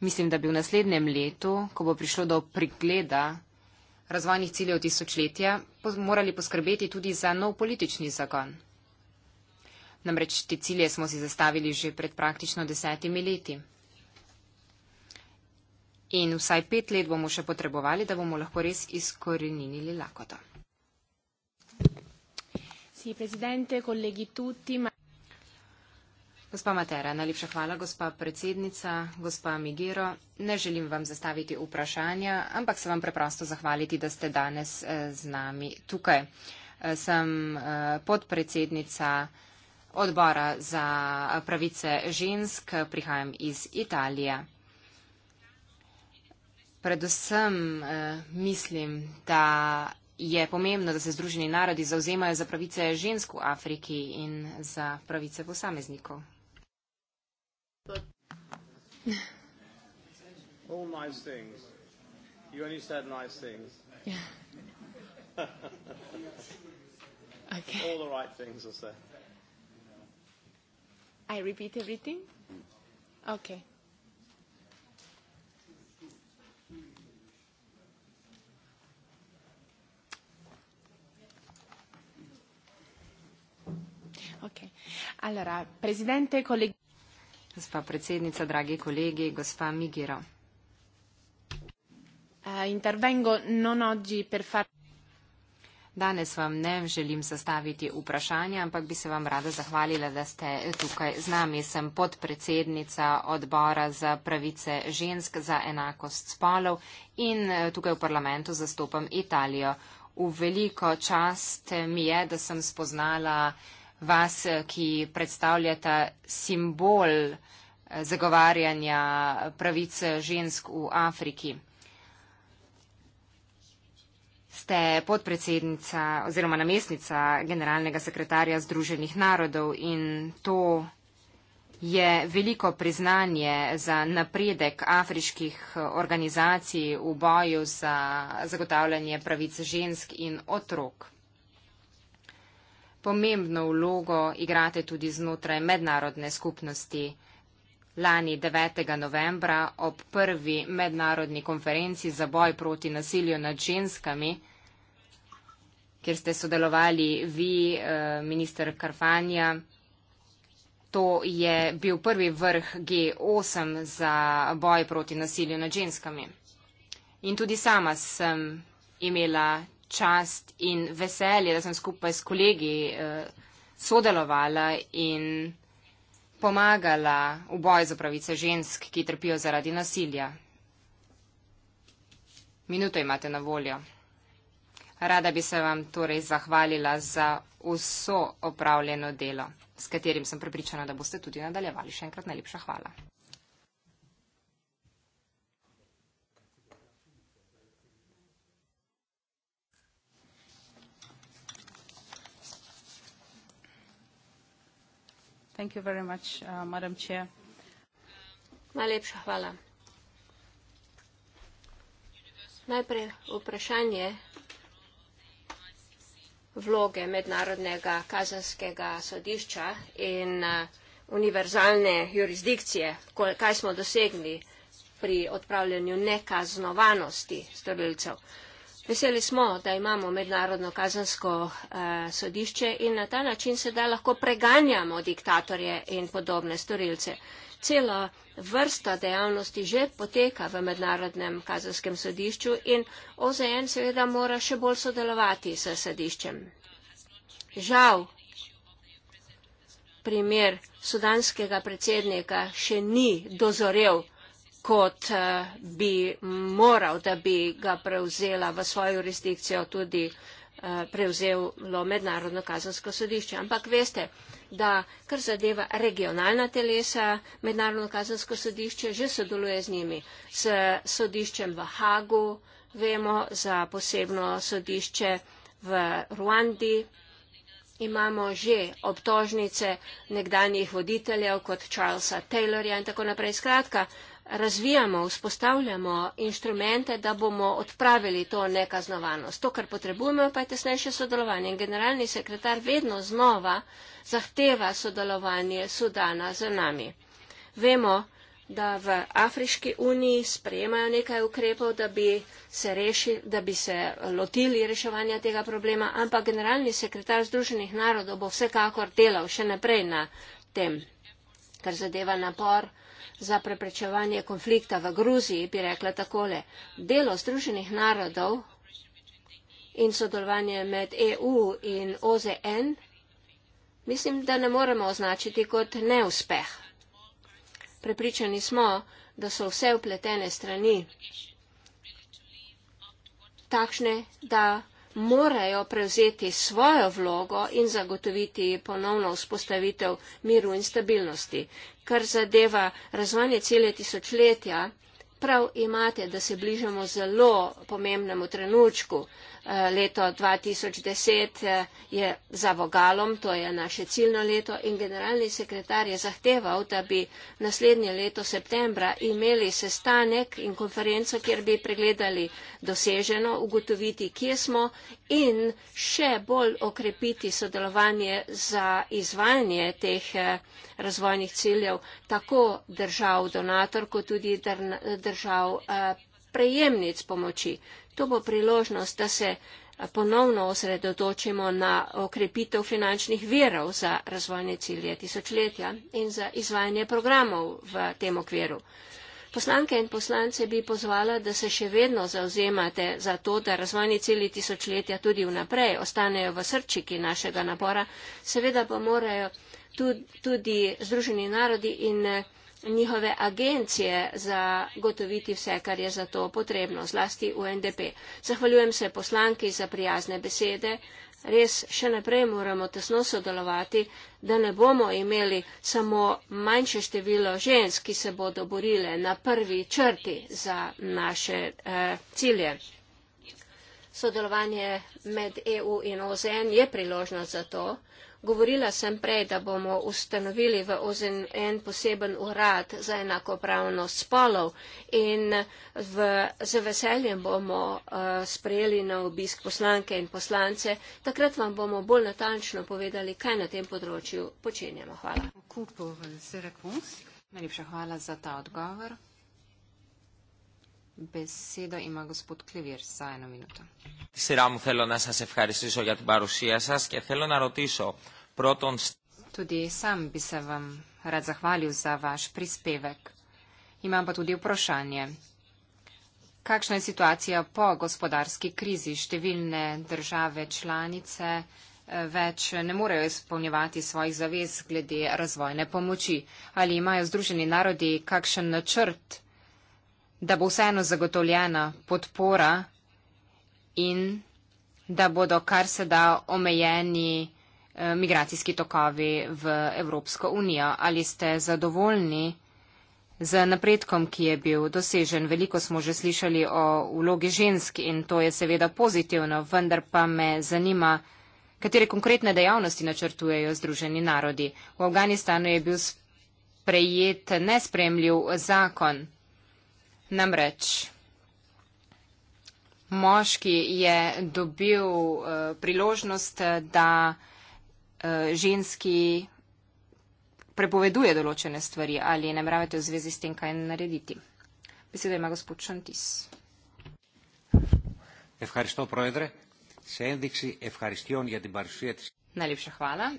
Mislim, da bi v naslednjem letu, ko bo prišlo do pregleda razvojnih ciljev tisočletja, morali poskrbeti tudi za nov politični zagon. Namreč te cilje smo si zastavili že pred praktično desetimi leti. In vsaj pet let bomo še potrebovali, da bomo lahko res izkoreninili lakoto. Sì, Presidente, colleghi tutti. Ma... Gospa Matera, najlepša hvala, gospa predsednica, gospa Migero. Ne želim vam zastaviti vprašanja, ampak se vam preprosto zahvaliti, da ste danes eh, z nami tukaj. Eh, sem eh, podpredsednica odbora za pravice žensk, prihajam iz Italije. Predvsem mislim, da je pomembno, da se Združeni narodi zauzemajo za pravice žensk v Afriki in za pravice posameznikov. [LAUGHS] All nice things. You only said nice things. Yeah. [LAUGHS] okay. All the right things are said. I repeat everything? Okay. Okay. Allora, Presidente, colleghi. Gospa predsednica, dragi kolegi, gospa Migiro. Eh, Danes vam ne želim zastaviti vprašanja, ampak bi se vam rada zahvalila, da ste tukaj z nami. Sem podpredsednica odbora za pravice žensk za enakost spolov in eh, tukaj v parlamentu zastopam Italijo. V veliko čast mi je, da sem spoznala vas, eh, ki predstavljata simbol eh, zagovarjanja pravic eh, žensk v Afriki. Ste podpredsednica oziroma namestnica generalnega sekretarja Združenih narodov in to je veliko priznanje za napredek afriških organizacij v boju za zagotavljanje pravic žensk in otrok pomembno vlogo igrate tudi znotraj mednarodne skupnosti. Lani 9. novembra ob prvi mednarodni konferenci za boj proti nasilju nad ženskami, kjer ste sodelovali vi, eh, minister Karfanja, to je bil prvi vrh G8 za boj proti nasilju nad ženskami. In tudi sama sem imela čast in veselje, da sem skupaj s kolegi uh, sodelovala in pomagala v boju za pravice žensk, ki trpijo zaradi nasilja. Minuto imate na voljo. Rada bi se vam torej zahvalila za vso opravljeno delo, s katerim sem prepričana, da boste tudi nadaljevali. Še enkrat najlepša hvala. Thank you very much, uh, Madam Chair. Najlepša hvala. Najprej vprašanje vloge Mednarodnega kazenskega sodišča in uh, univerzalne jurisdikcije, kaj smo dosegli pri odpravljanju nekaznovanosti storilcev. Veseli smo, da imamo mednarodno kazansko eh, sodišče in na ta način se da lahko preganjamo diktatorje in podobne storilce. Cela vrsta dejavnosti že poteka v mednarodnem kazanskem sodišču in OZN seveda mora še bolj sodelovati s sodiščem. Žal, primer sudanskega predsednika še ni dozorel kot eh, bi moral, da bi ga prevzela v svojo jurisdikcijo tudi eh, prevzelo mednarodno kazansko sodišče. Ampak veste, da kar zadeva regionalna telesa, mednarodno kazansko sodišče že sodeluje z njimi. S sodiščem v Hagu, vemo, za posebno sodišče v Ruandi imamo že obtožnice nekdanjih voditeljev kot Charlesa Taylorja in tako naprej. Skratka, razvijamo, vzpostavljamo inštrumente, da bomo odpravili to nekaznovanost. To, kar potrebujemo, pa je tesnejše sodelovanje. In generalni sekretar vedno znova zahteva sodelovanje Sudana z nami. Vemo, da v Afriški uniji sprejemajo nekaj ukrepov, da bi se, reši, da bi se lotili reševanja tega problema, ampak generalni sekretar Združenih narodov bo vsekakor delal še naprej na tem, kar zadeva napor za preprečevanje konflikta v Gruziji, bi rekla takole. Delo Združenih narodov in sodelovanje med EU in OZN mislim, da ne moremo označiti kot neuspeh. Prepričani smo, da so vse upletene strani takšne, da morajo prevzeti svojo vlogo in zagotoviti ponovno vzpostavitev miru in stabilnosti. Kar zadeva razvanje cele tisočletja, prav imate, da se bližamo zelo pomembnemu trenučku. Eh, leto 2010 eh, je za Vogalom, to je naše ciljno leto in generalni sekretar je zahteval, da bi naslednje leto septembra imeli sestanek in konferenco, kjer bi pregledali doseženo, ugotoviti, kje smo in še bolj okrepiti sodelovanje za izvajanje teh eh, razvojnih ciljev tako držav donator, kot tudi držav eh, prejemnic pomoči. To bo priložnost, da se eh, ponovno osredotočimo na okrepitev finančnih verov za razvojne cilje tisočletja in za izvajanje programov v tem okviru. Poslanke in poslance bi pozvala, da se še vedno zauzemate za to, da razvojni cilji tisočletja tudi vnaprej ostanejo v srčiki našega napora. Seveda pa morajo tudi Združeni narodi in eh, njihove agencije za gotoviti vse, kar je za to potrebno, zlasti UNDP. Zahvaljujem se poslanki za prijazne besede. Res še naprej moramo tesno sodelovati, da ne bomo imeli samo manjše število žensk, ki se bodo borile na prvi črti za naše eh, cilje. Sodelovanje med EU in OZN je priložnost za to. Govorila sem prej, da bomo ustanovili v OZN en poseben urad za enakopravnost spolov in v, z veseljem bomo uh, sprejeli na obisk poslanke in poslance. Takrat vam bomo bolj natančno povedali, kaj na tem področju počenjamo. Hvala. Najlepša hvala za ta odgovor. Besedo ima gospod Klevir za eno minuto. Σειρά μου θέλω να σας ευχαριστήσω για την παρουσία σας και θέλω να ρωτήσω πρώτον... Τουδί σαμ μπι σε βαμ ράτ ζαχβάλιου ζα βάσ πρισπίβεκ. Είμα μπα τουδί ουπροσάνιε. Κάξνα σιτουάτσια πό γοσποδάρσκη κρίζι στεβίλνε δρζάβε τσλάνιτσε več ne morejo izpolnjevati svojih zavez glede razvojne pomoči. Ali imajo Združeni narodi kakšen načrt da bo vseeno zagotovljena podpora in da bodo kar se da omejeni eh, migracijski tokovi v Evropsko unijo. Ali ste zadovoljni z napredkom, ki je bil dosežen? Veliko smo že slišali o vlogi žensk in to je seveda pozitivno, vendar pa me zanima, katere konkretne dejavnosti načrtujejo Združeni narodi. V Afganistanu je bil sprejet nespremljiv zakon. Namreč moški je dobil eh, priložnost, da eh, ženski prepoveduje določene stvari ali ne pravite v zvezi s tem, kaj narediti. Beseda ima gospod Šantis. Ja Najlepša hvala.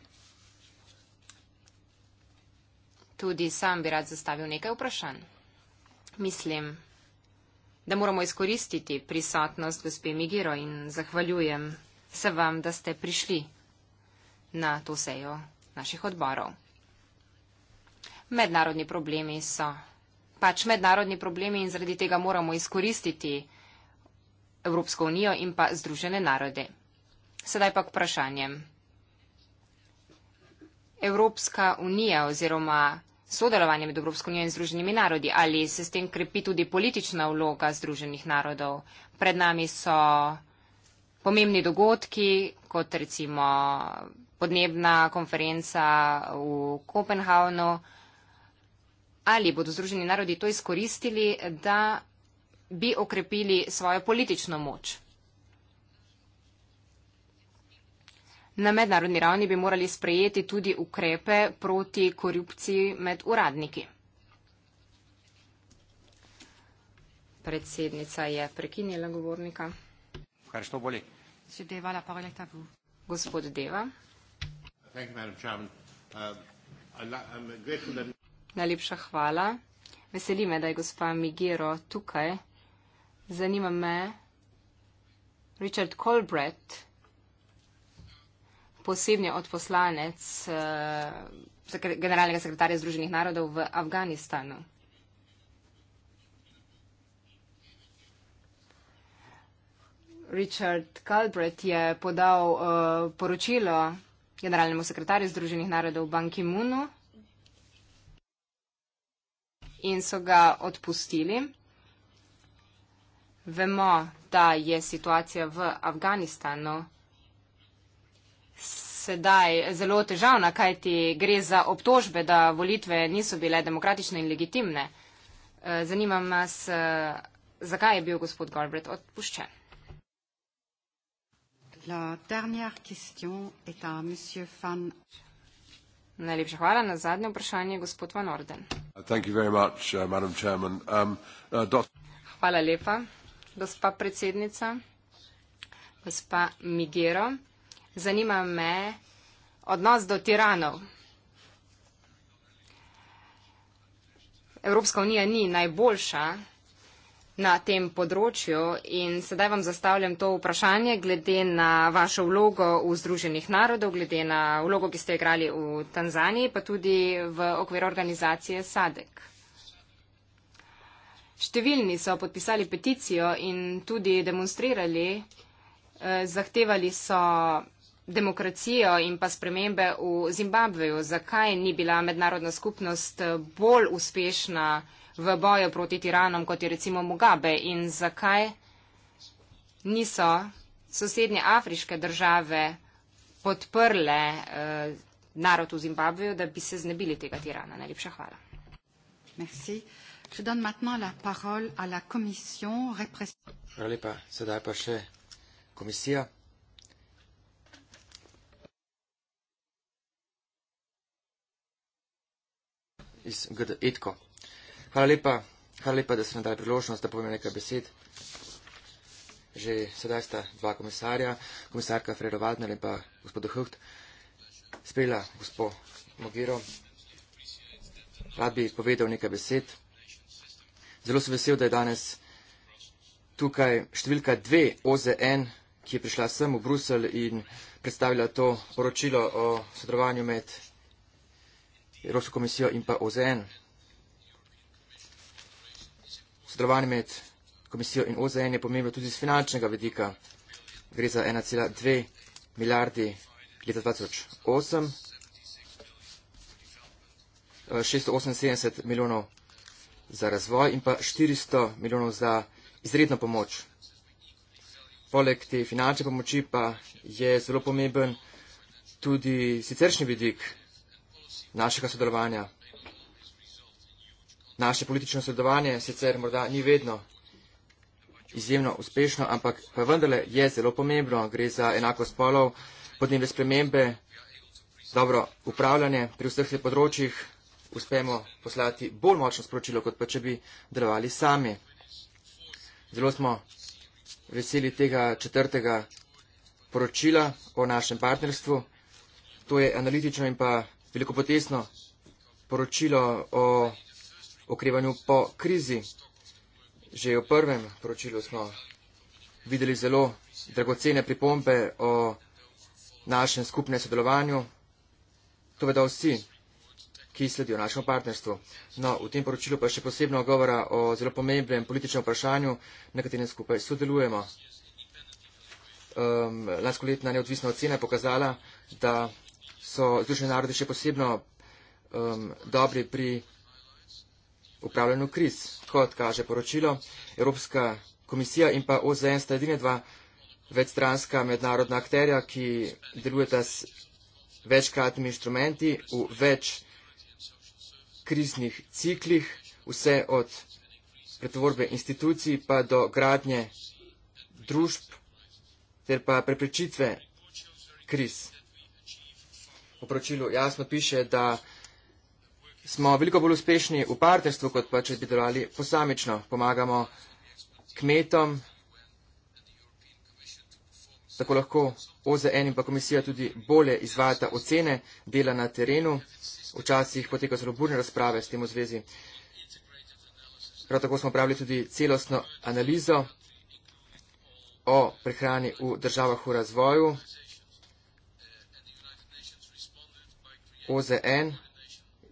Tudi sam bi rad zastavil nekaj vprašanj. Mislim, da moramo izkoristiti prisotnost gospe Migiro in zahvaljujem se vam, da ste prišli na to sejo naših odborov. Mednarodni problemi so pač mednarodni problemi in zaradi tega moramo izkoristiti Evropsko unijo in pa Združene narode. Sedaj pa k vprašanjem. Evropska unija oziroma sodelovanje med Evropsko unijo in Združenimi narodi ali se s tem krepi tudi politična vloga Združenih narodov. Pred nami so pomembni dogodki, kot recimo podnebna konferenca v Kopenhavnu. Ali bodo Združeni narodi to izkoristili, da bi okrepili svojo politično moč Na mednarodni ravni bi morali sprejeti tudi ukrepe proti korupciji med uradniki. Predsednica je prekinjala govornika. Kar što boli? Gospod Deva. Uh, Najlepša hvala. Veseli me, da je gospa Migiro tukaj. Zanima me, Richard Colbrett posebni odposlanec uh, generalnega sekretarja Združenih narodov v Afganistanu. Richard Culbright je podal uh, poročilo generalnemu sekretarju Združenih narodov Ban Ki-moonu in so ga odpustili. Vemo, da je situacija v Afganistanu sedaj zelo težavna, kaj ti gre za obtožbe, da volitve niso bile demokratične in legitimne. Eh, zanima nas, eh, zakaj je bil gospod Galbraith odpuščen. Najlepša hvala. Na zadnje vprašanje, gospod Van Orden. Much, uh, um, uh, hvala lepa, gospa predsednica, gospa Migero zanima me odnos do tiranov. Evropska unija ni najboljša na tem področju in sedaj vam zastavljam to vprašanje glede na vašo vlogo v Združenih narodov, glede na vlogo, ki ste igrali v Tanzaniji, pa tudi v okviru organizacije SADEK. Številni so podpisali peticijo in tudi demonstrirali, eh, zahtevali so demokracijo in pa spremembe v Zimbabveju. Zakaj ni bila mednarodna skupnost bolj uspešna v boju proti tiranom, kot je recimo Mugabe in zakaj niso sosednje afriške države podprle eh, narod v Zimbabveju, da bi se znebili tega tirana. Najlepša hvala. Merci. Je donne maintenant la parole à la commission répression. Je pas, c'est d'ailleurs pas chez commission. iz GD Itko. Hvala lepa, hvala lepa, da ste nam dali priložnost, da povem nekaj besed. Že sedaj sta dva komisarja, komisarka Fredo Vadner in pa gospod Huht, sprejela gospod Mogiro. Rad bi povedal nekaj besed. Zelo sem vesel, da je danes tukaj številka dve OZN, ki je prišla sem v Brusel in predstavila to poročilo o sodelovanju med Evropsko komisijo in pa OZN. Sodelovanje med komisijo in OZN je pomembno tudi z finančnega vedika. Gre za 1,2 milijardi leta 2008, 678 eh, milijonov za razvoj in pa 400 milijonov za izredno pomoč. Poleg te finančne pomoči pa je zelo pomemben tudi siceršnji vidik našega sodelovanja. Naše politično sodelovanje sicer morda ni vedno izjemno uspešno, ampak pa vendarle je zelo pomembno. Gre za enako spolov, podnebne spremembe, dobro upravljanje pri vseh teh področjih. Uspemo poslati bolj močno sporočilo, kot pa če bi delovali sami. Zelo smo veseli tega četrtega poročila o našem partnerstvu. To je analitično in pa velikopotesno poročilo o okrevanju po krizi. Že v prvem poročilu smo videli zelo dragocene pripombe o našem skupnem sodelovanju. To vedo vsi, ki sledijo našemu partnerstvu. No, v tem poročilu pa še posebno govora o zelo pomembnem političnem vprašanju, na katerem skupaj sodelujemo. Um, ehm, lansko letna neodvisna ocena je pokazala, da so Združene narode še posebno um, dobri pri upravljanju kriz, kot kaže poročilo. Evropska komisija in pa OZN sta edine dva večstranska mednarodna akterja, ki delujeta s večkratnimi inštrumenti v več kriznih ciklih, vse od pretvorbe institucij pa do gradnje družb ter pa preprečitve kriz poročilu jasno piše, da smo veliko bolj uspešni v partnerstvu, kot pa če bi delali posamično. Pomagamo kmetom, tako lahko OZN in pa komisija tudi bolje izvajata ocene dela na terenu. Včasih poteka zelo burne razprave s tem v zvezi. Prav tako smo pravili tudi celostno analizo o prehrani v državah v razvoju. OZN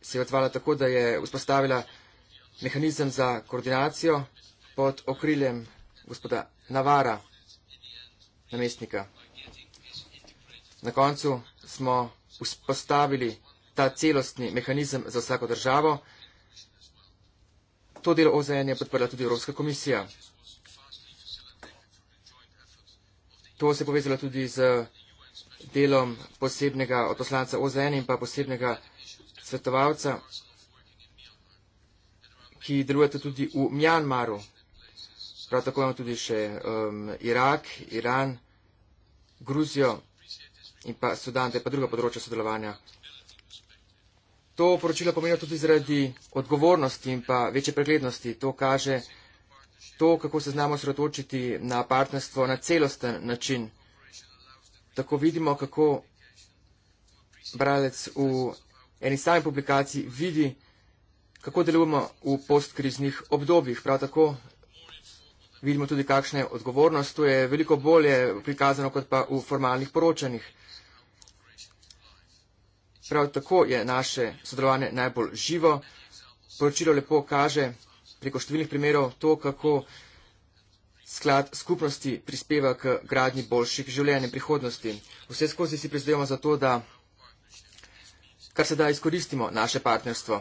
se je odvala tako, da je vzpostavila mehanizem za koordinacijo pod okriljem gospoda Navara, namestnika. Na koncu smo vzpostavili ta celostni mehanizem za vsako državo. To delo OZN je podprla tudi Evropska komisija. To se je povezalo tudi z delom posebnega odoslanca OZN in pa posebnega svetovalca, ki delujete tudi v Mjanmaru. Prav tako imamo tudi še um, Irak, Iran, Gruzijo in pa Sudan, te pa druga področja sodelovanja. To poročilo pomeni tudi zaradi odgovornosti in pa večje preglednosti. To kaže to, kako se znamo sredočiti na partnerstvo na celosten način. Tako vidimo, kako bralec v eni sami publikaciji vidi, kako delujemo v postkriznih obdobjih. Prav tako vidimo tudi, kakšna je odgovornost. To je veliko bolje prikazano, kot pa v formalnih poročanjih. Prav tako je naše sodelovanje najbolj živo. Poročilo lepo kaže preko številnih primerov to, kako sklad skupnosti prispeva k gradni boljših življenj in prihodnosti. Vse skozi si prizadevamo za to, da kar se da izkoristimo naše partnerstvo.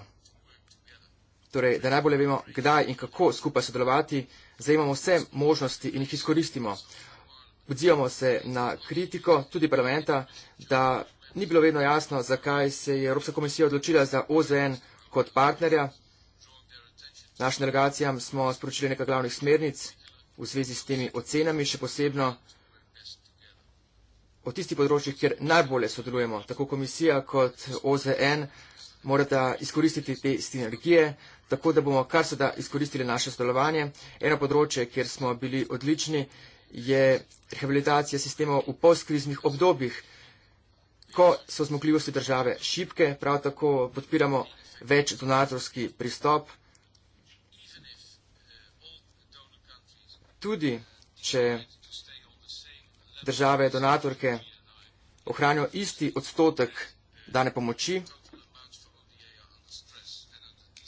Torej, da najbolje vemo, kdaj in kako skupaj sodelovati, zajemamo vse možnosti in jih izkoristimo. Odzivamo se na kritiko tudi parlamenta, da ni bilo vedno jasno, zakaj se je Evropska komisija odločila za OZN kot partnerja. Našim delegacijam smo sporočili nekaj glavnih smernic v zvezi s temi ocenami, še posebno o tistih področjih, kjer najbolje sodelujemo. Tako komisija kot OZN morata izkoristiti te sinergije, tako da bomo kar se da izkoristili naše sodelovanje. Eno področje, kjer smo bili odlični, je rehabilitacija sistemov v postkriznih obdobjih, ko so zmogljivosti države šipke, prav tako podpiramo več donatorski pristop. tudi če države donatorke ohranijo isti odstotek dane pomoči,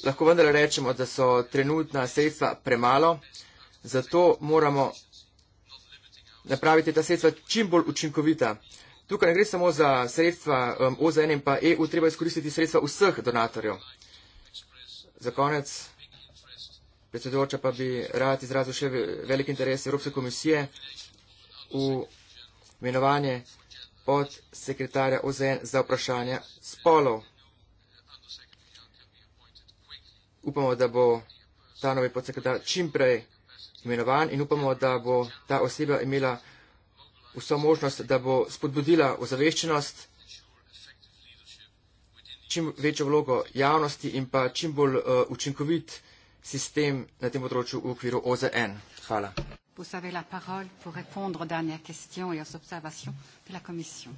lahko vendar rečemo, da so trenutna sredstva premalo, zato moramo napraviti ta sredstva čim bolj učinkovita. Tukaj ne gre samo za sredstva um, OZN in pa EU, treba izkoristiti sredstva vseh donatorjev. Za konec predsedujoča, pa bi rad izrazil še velik interes Evropske komisije v imenovanje pod sekretarja OZN za vprašanje spolov. Upamo, da bo ta novi podsekretar čimprej imenovan in upamo, da bo ta oseba imela vso možnost, da bo spodbudila ozaveščenost, čim večjo vlogo javnosti in pa čim bolj uh, učinkovit sistem na tem področju v okviru OZN. Hvala. Vous avez la parole pour répondre aux dernières questions et aux observations de la Commission.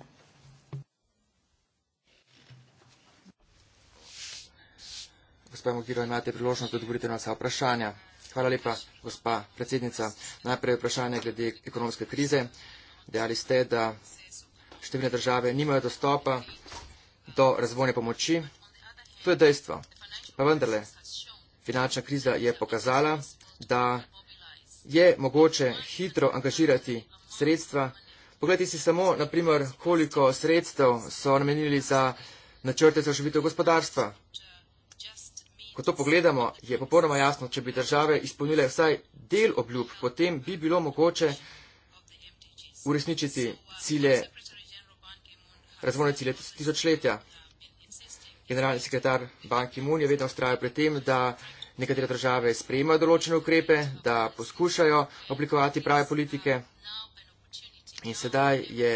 Gospa Mogiro, imate priložnost, da odgovorite na vsa vprašanja. Hvala lepa, gospa predsednica. Najprej vprašanje glede ekonomske krize. Dejali ste, da številne države nimajo dostopa do razvojne pomoči. To je dejstvo. Pa vendarle, finančna kriza je pokazala, da je mogoče hitro angažirati sredstva. Poglejte si samo, naprimer, koliko sredstev so namenili za načrte za oživitev gospodarstva. Ko to pogledamo, je popolnoma jasno, če bi države izpolnile vsaj del obljub, potem bi bilo mogoče uresničiti cilje, razvojne cilje tisočletja. Generalni sekretar Banki Mun je vedno ustrajal pri tem, da Nekatere države sprejemajo določene ukrepe, da poskušajo oblikovati prave politike. In sedaj je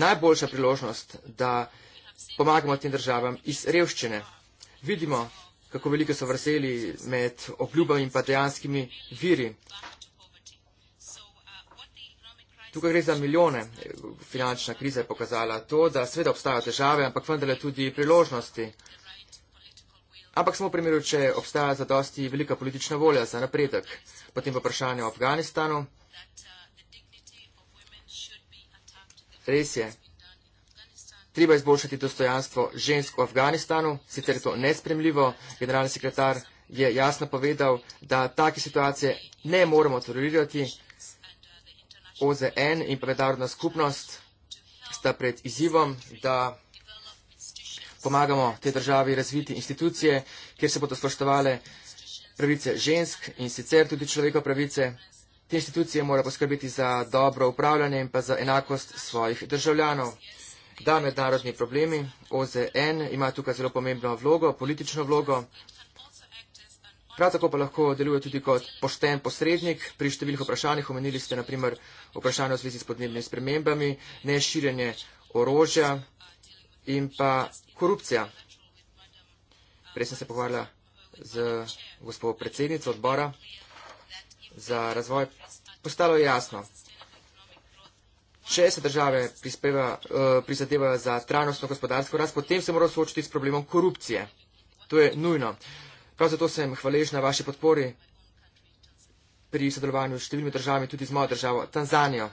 najboljša priložnost, da pomagamo tem državam iz revščine. Vidimo, kako velike so vrseli med obljubami in pa dejanskimi viri. Tukaj gre za milijone. Finančna kriza je pokazala to, da sveda obstajajo težave, ampak vendarle tudi priložnosti. Ampak samo v primeru, če obstaja za dosti velika politična volja za napredek. Potem pa vprašanje o Afganistanu. Res je. Treba izboljšati dostojanstvo žensk v Afganistanu, sicer je to nespremljivo. Generalni sekretar je jasno povedal, da take situacije ne moremo tolerirati. OZN in pa mednarodna skupnost sta pred izzivom, da pomagamo te državi razviti institucije, kjer se bodo spoštovale pravice žensk in sicer tudi človekov pravice. Te institucije mora poskrbiti za dobro upravljanje in pa za enakost svojih državljanov. Da, mednarodni problemi, OZN ima tukaj zelo pomembno vlogo, politično vlogo. Prav tako pa lahko deluje tudi kot pošten posrednik pri številnih vprašanjih. Omenili ste naprimer vprašanje v zvezi s podnebnimi spremembami, neširjenje orožja, in pa korupcija. Prej sem se pogovarjala z gospod predsednico odbora za razvoj. Postalo je jasno. Če se države prispeva, eh, prizadevajo za trajnostno gospodarsko rast, potem se morajo soočiti s problemom korupcije. To je nujno. Prav zato sem hvaležna vaši podpori pri sodelovanju s številnimi državami, tudi z mojo državo Tanzanijo.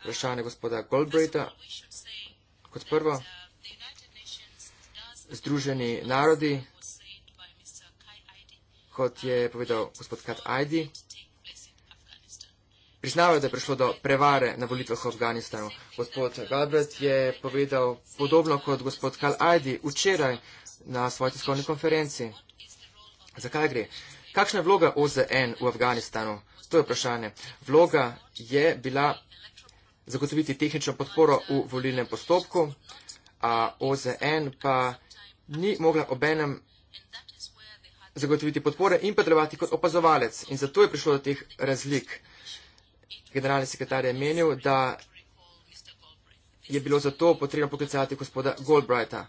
Vprašanje gospoda Goldbreita. Kot prvo, Združeni narodi, kot je povedal gospod Kat Aidi, priznavajo, da je prišlo do prevare na volitvah v Afganistanu. Gospod Galbert je povedal podobno kot gospod Kal Aidi včeraj na svoji tiskovni konferenci. Zakaj gre? Kakšna je vloga OZN v Afganistanu? To je vprašanje. Vloga je bila zagotoviti tehnično podporo v volilnem postopku, a OZN pa ni mogla obenem zagotoviti podpore in pa delovati kot opazovalec. In zato je prišlo do teh razlik. Generalni sekretar je menil, da je bilo zato potrebno poklicati gospoda Goldbrighta.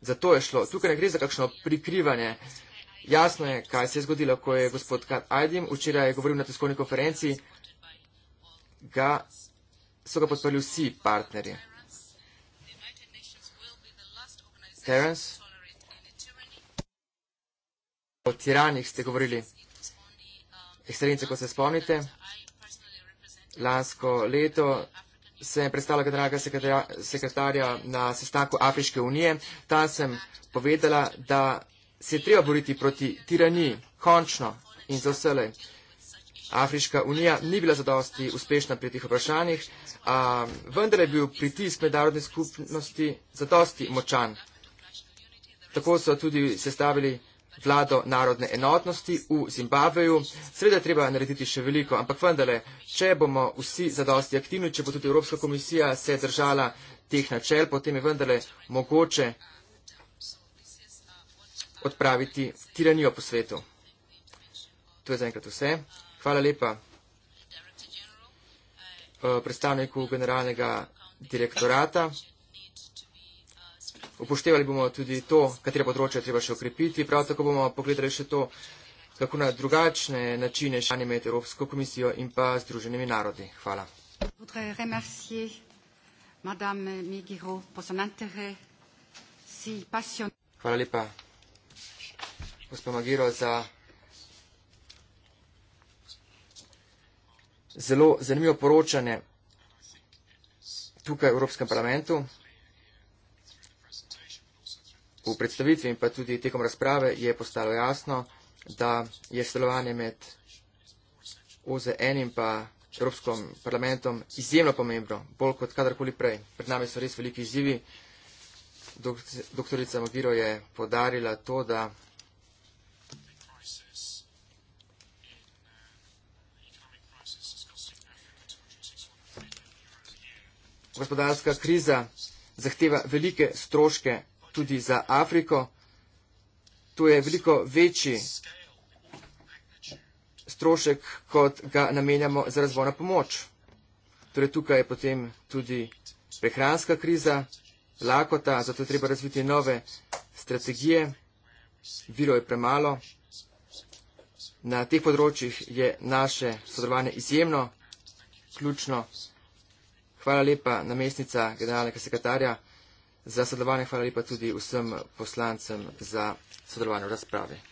Zato je šlo. Tukaj ne gre za kakšno prikrivanje. Jasno je, kaj se je zgodilo, ko je gospod Kat Aydin včeraj govoril na tiskovni konferenci, ga so ga podprli vsi partnerji. Terence, o tiranih ste govorili, ekstremice, ko se spomnite, lansko leto sem predstavila generalnega sekretarja na sestanku Afriške unije. Tam sem povedala, da se je treba boriti proti tiraniji, končno in za vselej. Afriška unija ni bila zadosti uspešna pri teh vprašanjih, a vendar je bil pritisk mednarodne skupnosti zadosti močan. Tako so tudi sestavili vlado narodne enotnosti v Zimbabveju. Sredaj je treba narediti še veliko, ampak vendarle, če bomo vsi zadosti aktivni, če bo tudi Evropska komisija se držala teh načel, potem je vendarle mogoče odpraviti tiranijo po svetu. To je zaenkrat vse. Hvala lepa. Eh, predstavniku generalnega direktorata. Upoštevali bomo tudi to, katere področje treba še okrepiti. Prav tako bomo pogledali še to, kako na drugačne načine šanje med Evropsko komisijo in pa Združenimi narodi. Hvala. Hvala lepa, gospod Magiro, za zelo zanimivo poročanje tukaj v Evropskem parlamentu. V predstavitvi in pa tudi tekom razprave je postalo jasno, da je sodelovanje med OZN in pa Evropskim parlamentom izjemno pomembno, bolj kot kadarkoli prej. Pred nami so res veliki izzivi. Doktorica Magiro je podarila to, da gospodarska kriza zahteva velike stroške tudi za Afriko. To je veliko večji strošek, kot ga namenjamo za razvojno pomoč. Torej tukaj je potem tudi prehranska kriza, lakota, zato treba razviti nove strategije, viro je premalo. Na teh področjih je naše sodelovanje izjemno ključno Hvala lepa, namestnica generalnega sekretarja, za sodelovanje, hvala lepa tudi vsem poslancem za sodelovanje v razpravi.